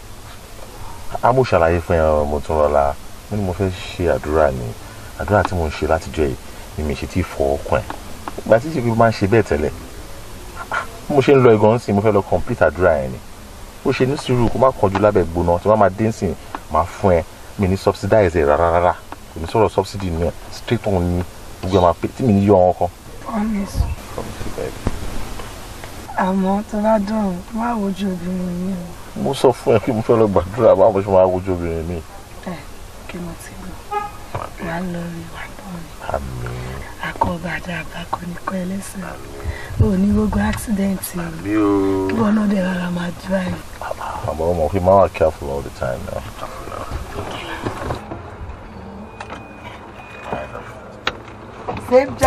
a mú ṣàlàyé fún ẹ mo tún rọra mo ní mo fẹ́ ṣe àdúrà ni àdúrà tí mo ń ṣe látijọ́ yìí ni mi ṣe ti fọwọ́ kàn ẹ́ ìgbà tí ìṣègùn máa ń ṣe bẹ́ẹ̀ tẹ́lẹ̀ mo ṣe ń lọ ẹ̀gàn sí mo fẹ́ lọ complete àdúrà yẹn ni ó ṣe ní sùúrù kó má kọjú lábẹ́ gbóná tí wọ́n máa dé sí i máa fún ẹ mi ní subsidize ẹ rárá rárá èmi sọ̀rọ̀ subsidy mi straight on ni gbogbo ẹ̀ máa pè tí mi ní yọ ọ̀hún kan. promise. promise baby. àmọ́ tó bá dùn má wojú obìnrin mi o. mo sọ fún ẹ pé mo fẹ́ lọ gbàdúrà báwo ṣe máa wojú obìnrin mi. ẹ kí mo ti lọ wà lórí wà lórí. àmín. akọbàdà àbákọ ní kọ ẹlẹ́sìn o ní gbogbo accident o. àmín o. kí wọn náà dẹ̀ rárá máa drive. Ah, ah, àmọ́ mo fi máa wà careful all the time now. they've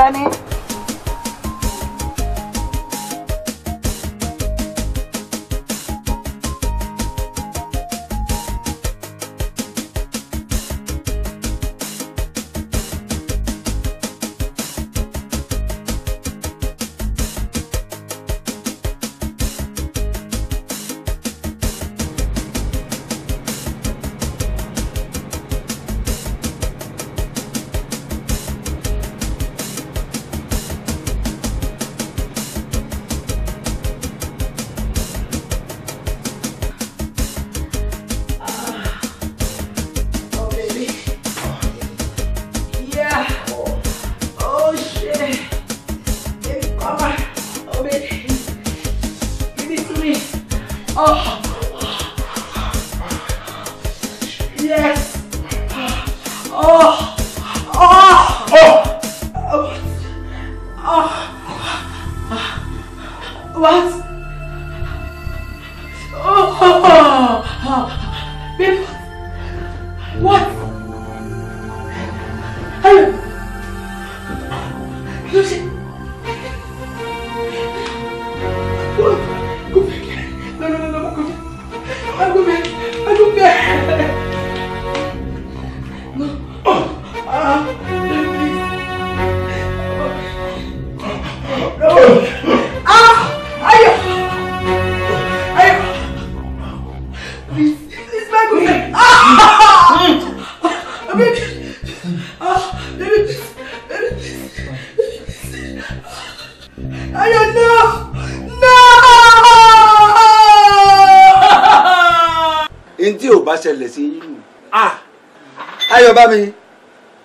bá mi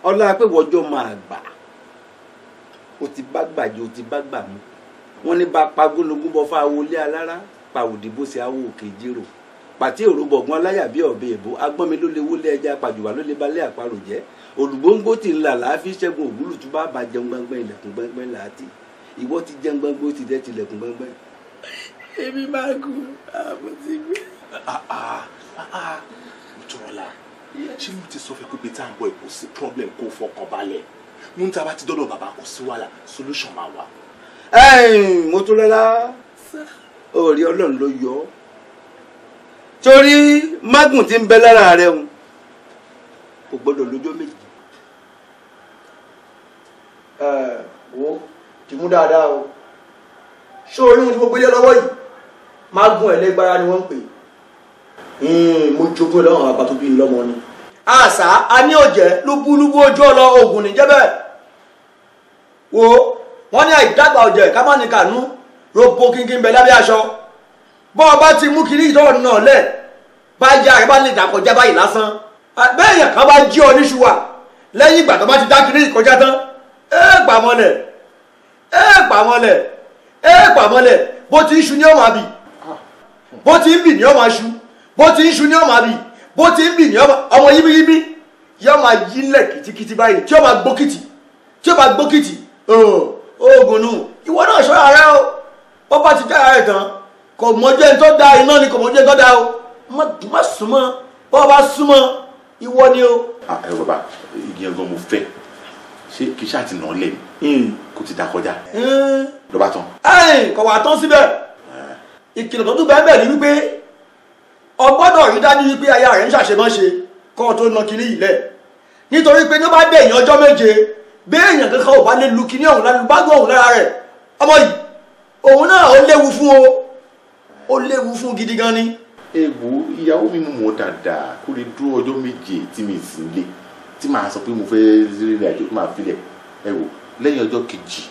ọlá pé wọ́jọ́ máa gbà ó ti bá gbàjọ ó ti bá gbà mú wọ́n ní bá pa gúnlógún bọ́ fáwọn olé alára pa òdìbò sí àwọn òkè jírò pàtí òrùbọ̀gbọ́n aláyà bíi ọ̀bẹ èbó agbọ́nmi ló lè wọlé ẹja pàjùwà ló lè balẹ̀ àparò jẹ́ olùgbòǹgbò tí ń là láàfin ṣẹ́gun òwúlù tó bá ba jẹun gbẹ́ngbẹ́ ilẹ̀kùn gbẹ́ngbẹ́ làátì ìwọ ti jẹun gbẹ́ngbẹ́ ó ti dẹ́ tilẹ̀kùn gbẹ́ngbẹ́. èmi máa gùn àbòtí gbé. Ah, ah, ṣé mo ti sọ fẹ́ kó bíi tá à ń bọ̀ kò sí problem kó fọkàn balẹ̀ mú ní taba ti dọ́dọ̀ bàbá kò sí wàhálà solution máa wà. mo tún lọ́la ọ̀rẹ́ ọlọ́run ló yọ ọ́ torí mágùn ti ń bẹ lára rẹ̀ ń kò gbọ́dọ̀ lójó méjì. wo dìmú dáadáa o ṣé orí mi ti mo gbélé lọ́wọ́ yìí mágùn ẹ̀lẹ́gbára ni wọ́n ń pè é hmm, mo jogún ẹ̀ lọ́wọ́ àbá tó bí lọ́mọ ni àṣà aní ọ̀jẹ̀ lúbúlúbú ojú ọlọ ogun níjẹ́ bẹ́ẹ̀ wo wọ́n ní àìdàgbà ọ̀jẹ̀ ká má ní kànú robo kínkín bẹ lábẹ́ aṣọ bọ́ ọ bá ti mú kiri ìtọ́ náà lẹ̀ bá yá ẹ bá lè dà kọjá báyìí lásán bẹ́ẹ̀ yẹn kan bá jí ọ níṣu wa lẹ́yìn ìgbà tó bá ti dá kiri ìkọjá tán ẹ gbà mọ́lẹ̀ ẹ gbà mọ́lẹ̀ ẹ gbà mọ́lẹ̀ bó ti ń ṣu ní ọmọ àbí bó ti ń bì ní ọmọ aṣu bó ti ń ṣu ní ọmọ àbí bó ti ń bì ní ọmọ yíbíyíbí yóò máa yílẹ̀ kìtìkìtì báyìí tí yóò máa gbókìtì tí yóò máa gbókìtì oògùn nù ìwọ náà ṣọ́ra rẹ o wọ́n bá ti dára rẹ̀ tán kò mọ́jú ẹni tó da iná ni kò mọ́jú ẹni tó da o má súnmọ́ bọ́ọ̀ bá súnmọ́ ìwọ ni o. Ah, ẹ bàbá ìyẹn gan mo fẹ́ ṣé kì í ṣàtìnà lẹ́nu hmm. kò ti dà kọjá hmm. lọ́ba tán. kọ̀wá tán síbẹ̀ ìkìlọ̀ tó tún bẹ́ẹ̀ bẹ́ẹ̀ ni wípé ọgbọ́dọ̀ rí dájú wípé aya rẹ̀ ń ṣàṣemáṣe kọ́ ọ tó na kinní yìí lẹ̀ nítorí pé ní ó bá dé èèyàn ọjọ́ méje béèyàn kankan ò bá lè lu kinní ọ̀hún lára bágbó ọ̀hún lára rẹ̀ ọmọ yìí òun náà ó léwu fún o ó léwu fún gidi gan ni. ẹ wo ìyàwó mi mú mọ dáadáa kó lè dúró ọjọ́ méje tí mi sì lé tí màá sọ pé mo fẹ́ rìnrìn àjò tó máa filẹ̀ ẹ wò lẹ́yìn ọjọ́ kejì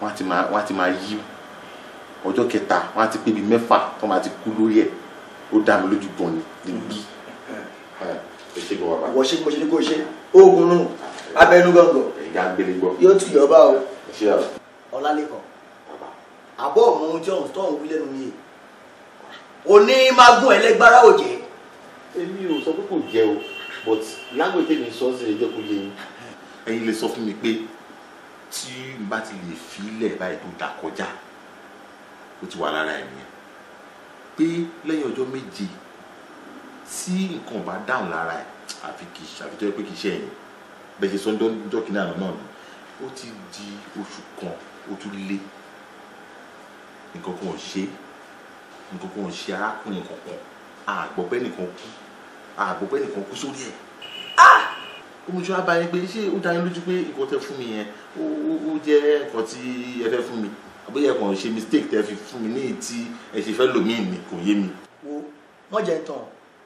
wọ́n á ti máa yí ọjọ́ kẹta wọ́n á ti pé mẹ́fà tó máa ti kú lórí ẹ̀ ó dá mi lójú gan ni níbí mm-hmm. ẹ ṣe gbọ́ bàbá. wọ́n ṣe mo ṣe ní kó ṣe oògùn nù abẹnú gángan. ìgbà ń gbélé gbọ́. yóò tù yọba o. ọlálẹ́kọ̀ọ́ àbọ̀ ọ̀mọ ohun tí ọ̀hún tọ́hún wí lẹ́nu mi òní máa gún ẹlẹ́gbára òjẹ́. èmi ò sọ pé kò jẹ o but lágbè tèmi sọ sí ẹjọ́ kò yé yín. ẹ̀yin lè sọ fún mi pé tí n bá ti lè fi ilẹ̀ báyìí tó dà kọjá ó ti wà lára ẹ̀ pé lẹ́yìn ọjọ́ méje tí nǹkan bá dáhùn lára ẹ̀ àfi kì í ṣàfihàn pé kì í ṣe ẹ̀yìn bẹ́ẹ̀ ṣe sọ́jọ́ jọ́kìnà náà ni ó ti di oṣù kan ó tún lé nǹkan kan ò ṣe nǹkan kan ò ṣe arákùnrin kankan àgbọ̀ bẹ́ẹ̀ nìkan kú àgbọ̀ bẹ́ẹ̀ nìkan kú sórí ẹ̀ omiṣu ah! abayẹ pé ṣé ó dá yín lójú pé nǹkan tẹ́ fún mi yẹn ó jẹ́ nǹkan tí ẹ fẹ́ fún mi àbóyá kan ṣe mistake tẹ́ fi fún mi ní ìtí ẹ ṣe fẹ́ lòmíì ní kò yé mi. wo wọn jẹ tán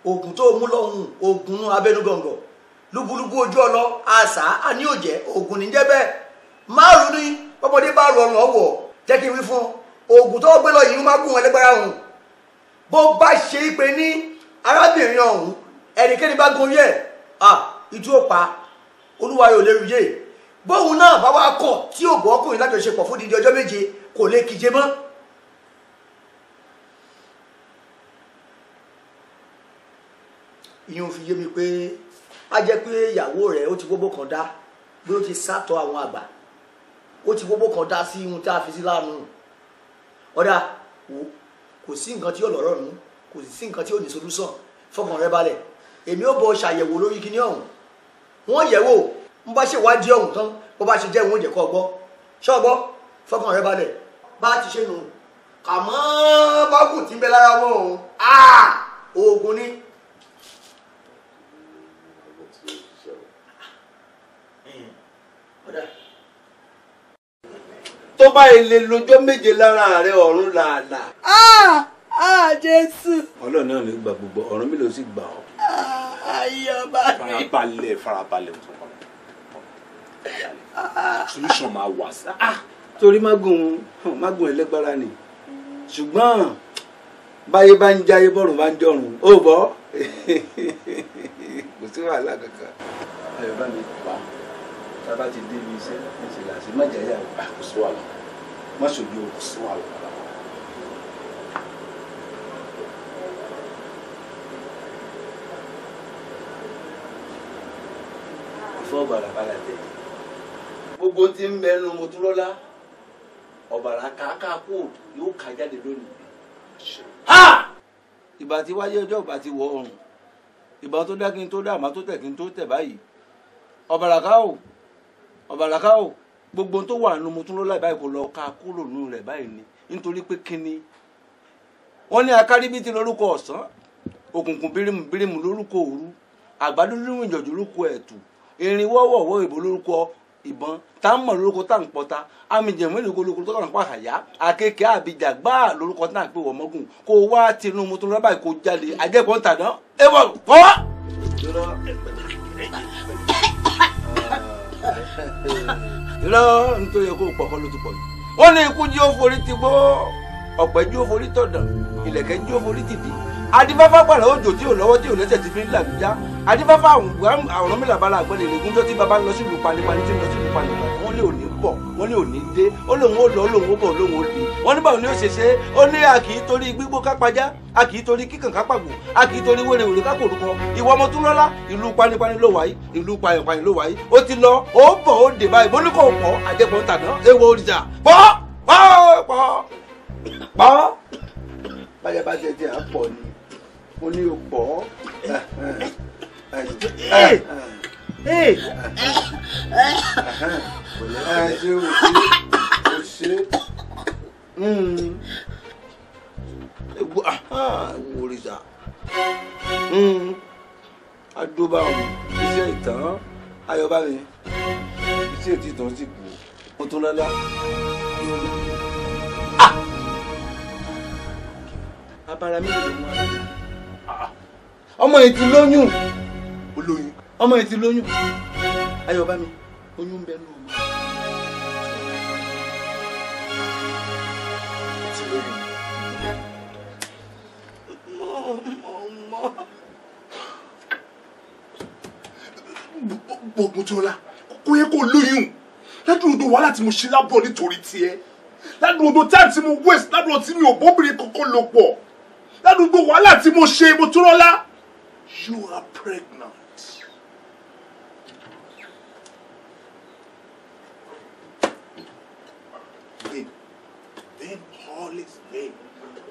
oògùn tó mú lọ́hùn oògùn abẹnugọ̀ngọ̀ lúbúlúbú ojú ọlọ àṣà àní òjẹ oògùn níjẹ bẹ́ẹ̀ márùn ní ọmọdé bá rọrùn ọwọ jẹ́ kí n wí fún ọ oògùn tó gbé lọ yìí ń má gùn ẹlẹgbẹrẹ ọhún bó bá ṣe é pé ní arábìnrin ọhún ẹnikẹ́ni bá gun yẹ ìtú òpa olúwa yóò lérú yé bóun náà bá wá kọ tí ò ọkùnrin lájọṣepọ̀ fún dídí ọjọ́ méje kò lè kíje mọ́ ìyẹn ò fi yé mi pé a jẹ́ pé ìyàwó rẹ̀ ó ti gbogbo kan dá bí ó ti sátọ̀ àwọn àgbà ó ti gbogbo kan dá sí ohun tá a fi sí láàánú ọ̀dà kò sí nǹkan tí yóò lọ́rọ̀ nù kò sí nǹkan tí yóò ní solúsàn fọkàn rẹ balẹ̀ èmi ò bọ ṣàyẹ̀wò lórí kíní ọ̀hún wọ́n yẹ̀wò ń bá ṣèwádìí ọ̀hún tán bó bá ṣe jẹ́ ìwọ̀n ìjẹ̀kọ́ ọgbọ́ ṣọ́gbọ́ fọkàn rẹ balẹ̀ bá a ti ṣe nù kàmọ́ bágùn tí ń bẹ lára wọn o oògùn ni. tó bá ilé lọ́jọ́ méje lára rẹ ọ̀run làálàá. ah jésù. ọlọ́run náà ló gba gbogbo ọ̀run mi ló sì gbà ọ́. ayé ọba mi. farabalẹ̀ farabalẹ̀ solution máa wà sí torí mágùn mágùn ẹlẹ́gbára ni ṣùgbọ́n báyé bá ń jáyé bọ́rùn bá ń jọrùn ó bọ́ kò sí wàhálà kankan. ayọ̀ bá mi pa tábà ti dé ibi iṣẹ́ ẹ̀sìn làásì má jẹ́yà ah, kò sí wàhálà má ṣojú kò sí wàhálà. fún ọgbà làbálà gbogbo tí ń bẹnu mo dúró lá. ọ̀bàrà aka kú yóò kà jáde lónìí. ha ìbá ti wáyé ọjọ́ ìbá ti wọ ọrùn ìbá tó dá kí n tó dá tó tẹ̀ kí n tó tẹ̀ báyìí ọ̀bàrà ká o ká o gbogbo tó wà mo tún lọ́la ìbáyìí kò lọ ká kúrò ni nítorí pé kíni wọ́n ní akáribìtì lórúkọ ọ̀sán òkùnkùn bírímù bírímù lórúkọ òru àgbàdo lórúkọ ẹ̀tù irin ìbọn tá ń mọ̀ lórúkọ tá ń pọta amìjẹ̀mú ìlúkọ lórúkọ tó kàn pa àyà akéèké àbíjà gbáà lórúkọ tá ń pè wọ́n mọ́gùn kó wá Tinubu tó lọ́ba ìkó jáde àjẹpọ̀ ń tàdán ẹ wọ kọ́. irọ́ nítorí kó o pọ̀kọ́ ló ti pọ̀ yìí wọ́n ní ikú jí ó forí ti gbó ọ̀pẹ́ jí ó forí tọ̀dàn ilẹ̀kẹ̀ jí ó forí ti dì adífáfá gbàrà òjò tí ò lọ́wọ́ tí ò lẹ́sẹ̀ ti fi ń làgbíjá adífáfá àwòrán mi làbára àgbọ̀dẹ̀ lẹ́gùn tó ti bàbá ń lọ sí panipani tí ń lọ sí panipani wọ́n lè òní bọ̀ wọ́n lè òní dé ó lóun ó lọ ó lóun ó bọ̀ lóun ó dé wọ́n níbà òní ó ṣe ṣe ó ní a kì í torí gbígbó kápájá a kì í torí kíkàn kápàgbò a kì í torí wèrèwèrè kákòrúkọ ìwọ ọmọ tún ìlú panipani ló wáyé ìlú payọ̀payọ̀ ló wáyé ó ti lọ ó bọ̀ ó dé báyìí bóníkò ewo òrìṣà pọ̀ pọ̀ pọ̀ pọ̀ bájẹ́ bájẹ́ tí a pọ̀ ni mo ní o pọ̀ òrìṣà adóbá òun iṣẹ́ ìtàn ayọ̀bá mi iṣẹ́ ìtìtàn sì kú ó tún lọ́lá. abara mi ló mú ara ọmọ yìí ti lóyún olóyún ọmọ yìí ti lóyún ayọ̀bá mi oyún ń bẹ ní omi. gbogbo tó la kó yẹ kó lóyún ládùúgbò tó wàhálà tí mo ṣe lábọ̀ nítorí tiẹ̀ ládùúgbò tó táà tí mo waste ládùúgbò tí mi ò bóbìnrin kankan lò pọ̀ ládùúgbò wàhálà tí mo ṣe mo tó rọ́lá. You are pregnant. Then, then all is vain.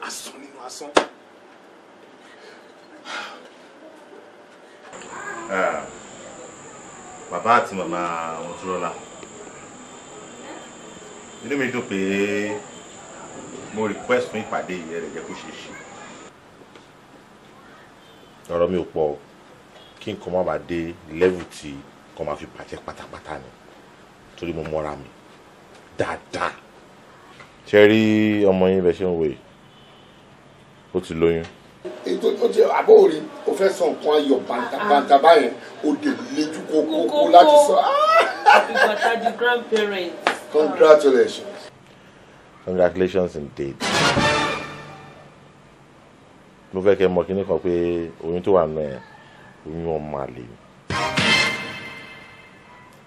Asán nínú asán. Ah, bàbá àti màmá wọn tó rọ́lá. Inú mi dùn pé mo request fún ìpàdé ìyẹn rẹ̀ jẹ́ kó ṣe é ṣe ọ̀rọ̀ mi ò pọ̀ kí nǹkan má bàa dé level tí nǹkan máa fi bàjẹ́ pátápátá ni torí mo mọ́ra mi dáadáa ṣe rí ọmọ yín bẹ ṣe ń wòye ó ti lóyún. ètò tó ti àbọ̀ òrí o fẹ́ sọ nǹkan ayọ̀ bàǹtà báyẹn o dè lójú kókó láti sọ. ìgbàta grandparents. congratulations. congratulations indeed mo fẹ́ kẹ́ mọ kinní kan pé oyún tó wà nù ẹ̀ oyún ọmọ àlè ni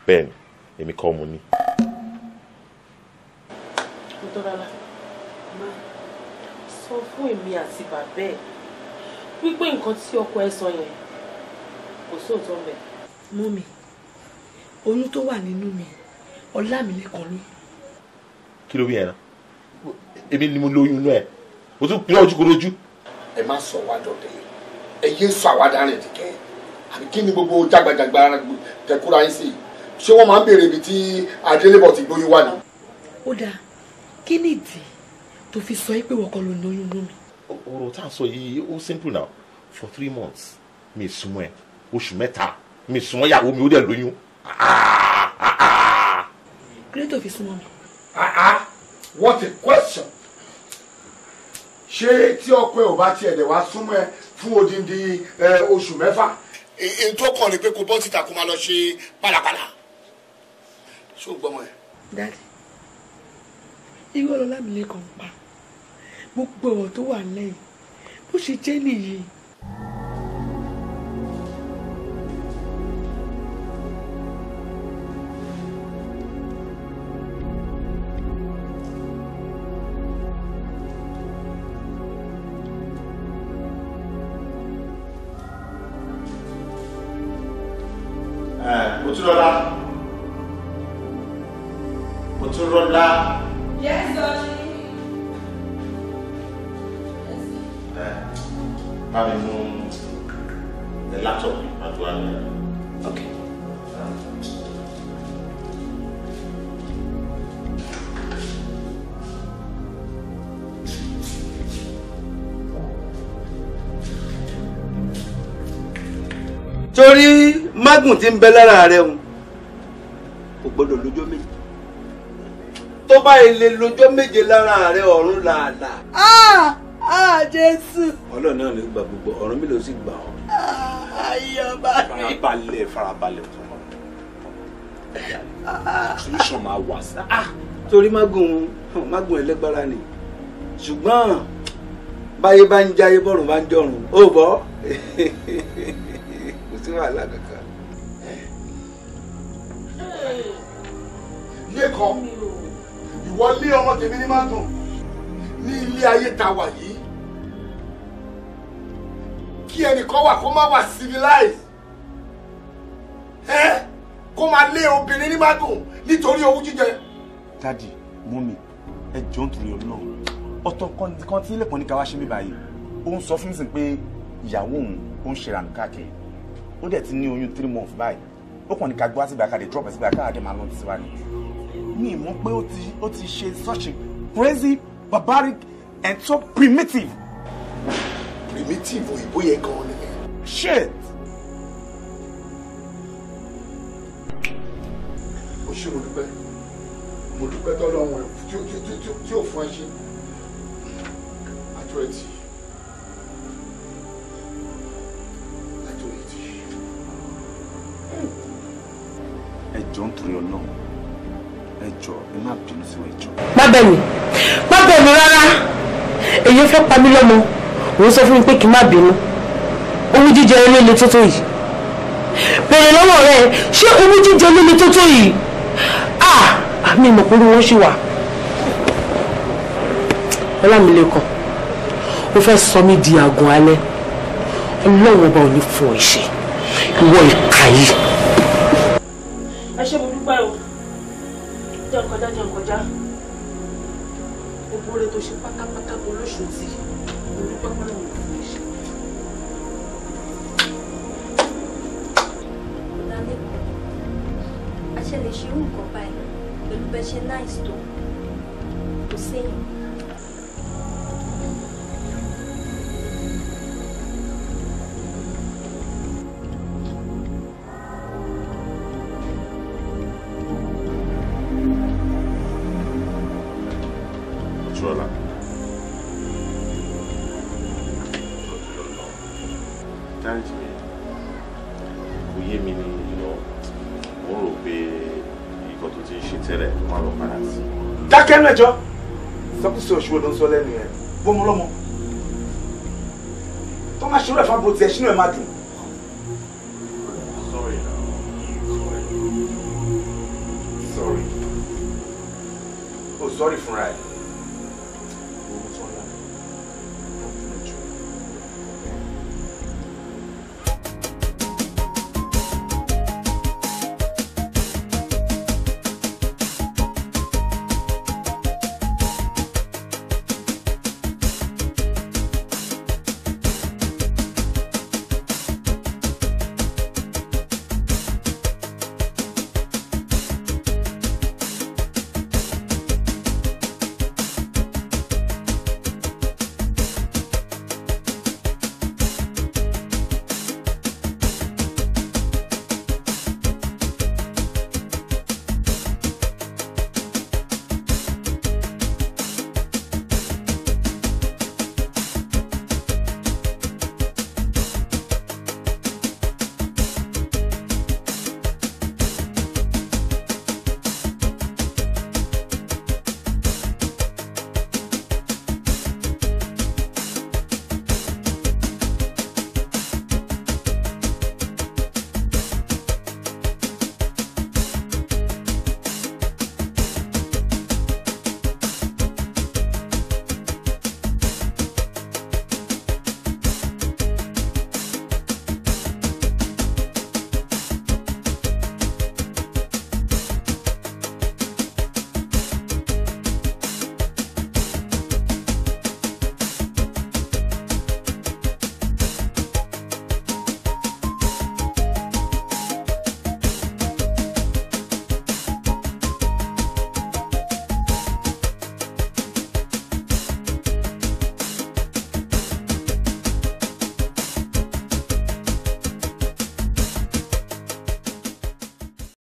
bẹ́ẹ̀ ni èmi kọ́ mu ní. ọ̀dọ́lálá máa sọ fún èmi àti bàbá ẹ̀ wípé nǹkan tí ọkọ ẹ sọ yẹn kò sóòótọ́ mẹ́. mú mi oyún tó wà nínú mi ọlá mi lẹ́kọ̀ọ́ ní. kí ló bí yẹn na èmi ni mo lóyún inú ẹ o tún pinnu ojú kò lójú ẹ má sọ wá dọ̀dẹ ẹ yé sọ àwa dárìn dìkẹ́ àbí kí ni gbogbo jágbajàgba tẹkúra yín sí ṣé wọ́n máa ń béèrè ibi tí adélébọ̀ ti gbóyún wá ni. ó dáa kí ni ìdí tó fi sọ pé wọ́n kọ́ ló lóyún lómi. ọ̀rọ̀ tá a sọ yìí ó simple now for three months mi súnmọ́ ẹ oṣù mẹ́ta mi súnmọ́ ìyàwó mi ó dẹ̀ lóyún. kí ló tó fi súnmọ́ mi. ah ah what a question ṣé tí ọkọ ẹ ò bá tiẹ̀ dẹ̀ wá súnmọ́ ẹ fún odindi oṣù mẹ́fà. èyí tó kàn ní pé kó bọ́ síta kó máa lọ ṣe pálapàla ṣó gbọ́mọ ẹ. dadi irú ọlọ́lá mi lè pa gbogbo ọ̀rọ̀ tó wà lẹ́yìn bó ṣe jẹ́ nìyí atẹ́gùn tí ń bẹ lára rẹ ń kò gbọdọ̀ lọ́jọ́ méje tó bá ilé lọ́jọ́ méje lára rẹ ọ̀run làálà. ah jésù. ọlọ́run náà ló gba gbogbo ọ̀run mi ló sì gbà ọ́. ayọ̀ bá mi. farabalẹ̀ farabalẹ̀ tó mọ̀ solution máa wà sí. torí mágùn mágùn ẹlẹ́gbára ni ṣùgbọ́n báyé bá ń jáyé bọ́rùn bá ń jọrùn ó bọ́ kò sí wàhálà kankan. ilé kan ìwọ lé ọmọ tèmi ní máa dùn ní ilé ayé ta wà yìí kí ẹnìkan wà kó má wà civilized ẹ kó máa lé obìnrin ní máa dùn nítorí owó jíjẹ. dadi mummy ẹ jọ̀ọ́ nítorí ọ náà ọ̀tọ̀ kan tí ilé kan ní ká wá ṣe mí báyìí ó ń sọ fún mi sìn pé ìyàwó òun ó ń ṣèrànú káàkiri ó dẹ̀ ti ní oyún three months báyìí ó kàn ní ká gbọ́ àtìgbà ká lè drop àtìgbà ká àdé máa lọ sí wa ni mi mọ̀ pé ó ti ó ti ṣe such a crazy barbaric and so primitive. primitive òyìnbó yẹn gan ni. shit. o ṣe mo dúpẹ́ mo dúpẹ́ tọ́lọ́ wọn tí tí ò fún ẹ ṣe àjọ ẹ̀ tì í. ẹjọ́ ń torí ọlọ́run ẹ jọ̀ọ́ ẹ má bínú sí wa ẹ jọ̀ọ́. má bẹ̀ mí má bẹ̀ mí rárá èyí fẹ́ pa mí lọ́mọ òun sọ fún mi pé kí n má bínú owó jíjẹ ilé ilé yìí bèrè lọ́wọ́ rẹ ṣé owó jíjẹ ilé ilé yìí ah mi mọ̀ pé wọ́n ṣì wà ọlámilẹ́kan ó fẹ́ sọ mí di àgùn alẹ́ ọlọ́run ọba ò ní fún ọ ìṣe ìwọ ìkà yìí. kọjá gbogbo rẹ tó ṣe pátápátá tó lóṣù tí olùpẹ́ pọ́nlọ́ mi fún mi ṣe. ọ̀làlẹ́kọ̀ọ́ a ṣe lè ṣe irú nǹkan báyìí pẹ̀lú bẹ́ẹ̀ ṣe náà ìsìtò kò séyìn. kẹ́nu ẹ̀jọ́ sọkúsọ òṣùwò ló sọ lẹ́nu ẹ̀ bọ́mọ lọ́mọ tó má ṣòro ẹ̀fọn bó tiẹ̀ ṣínú ẹ̀ má dùn. o fúnra ẹ̀.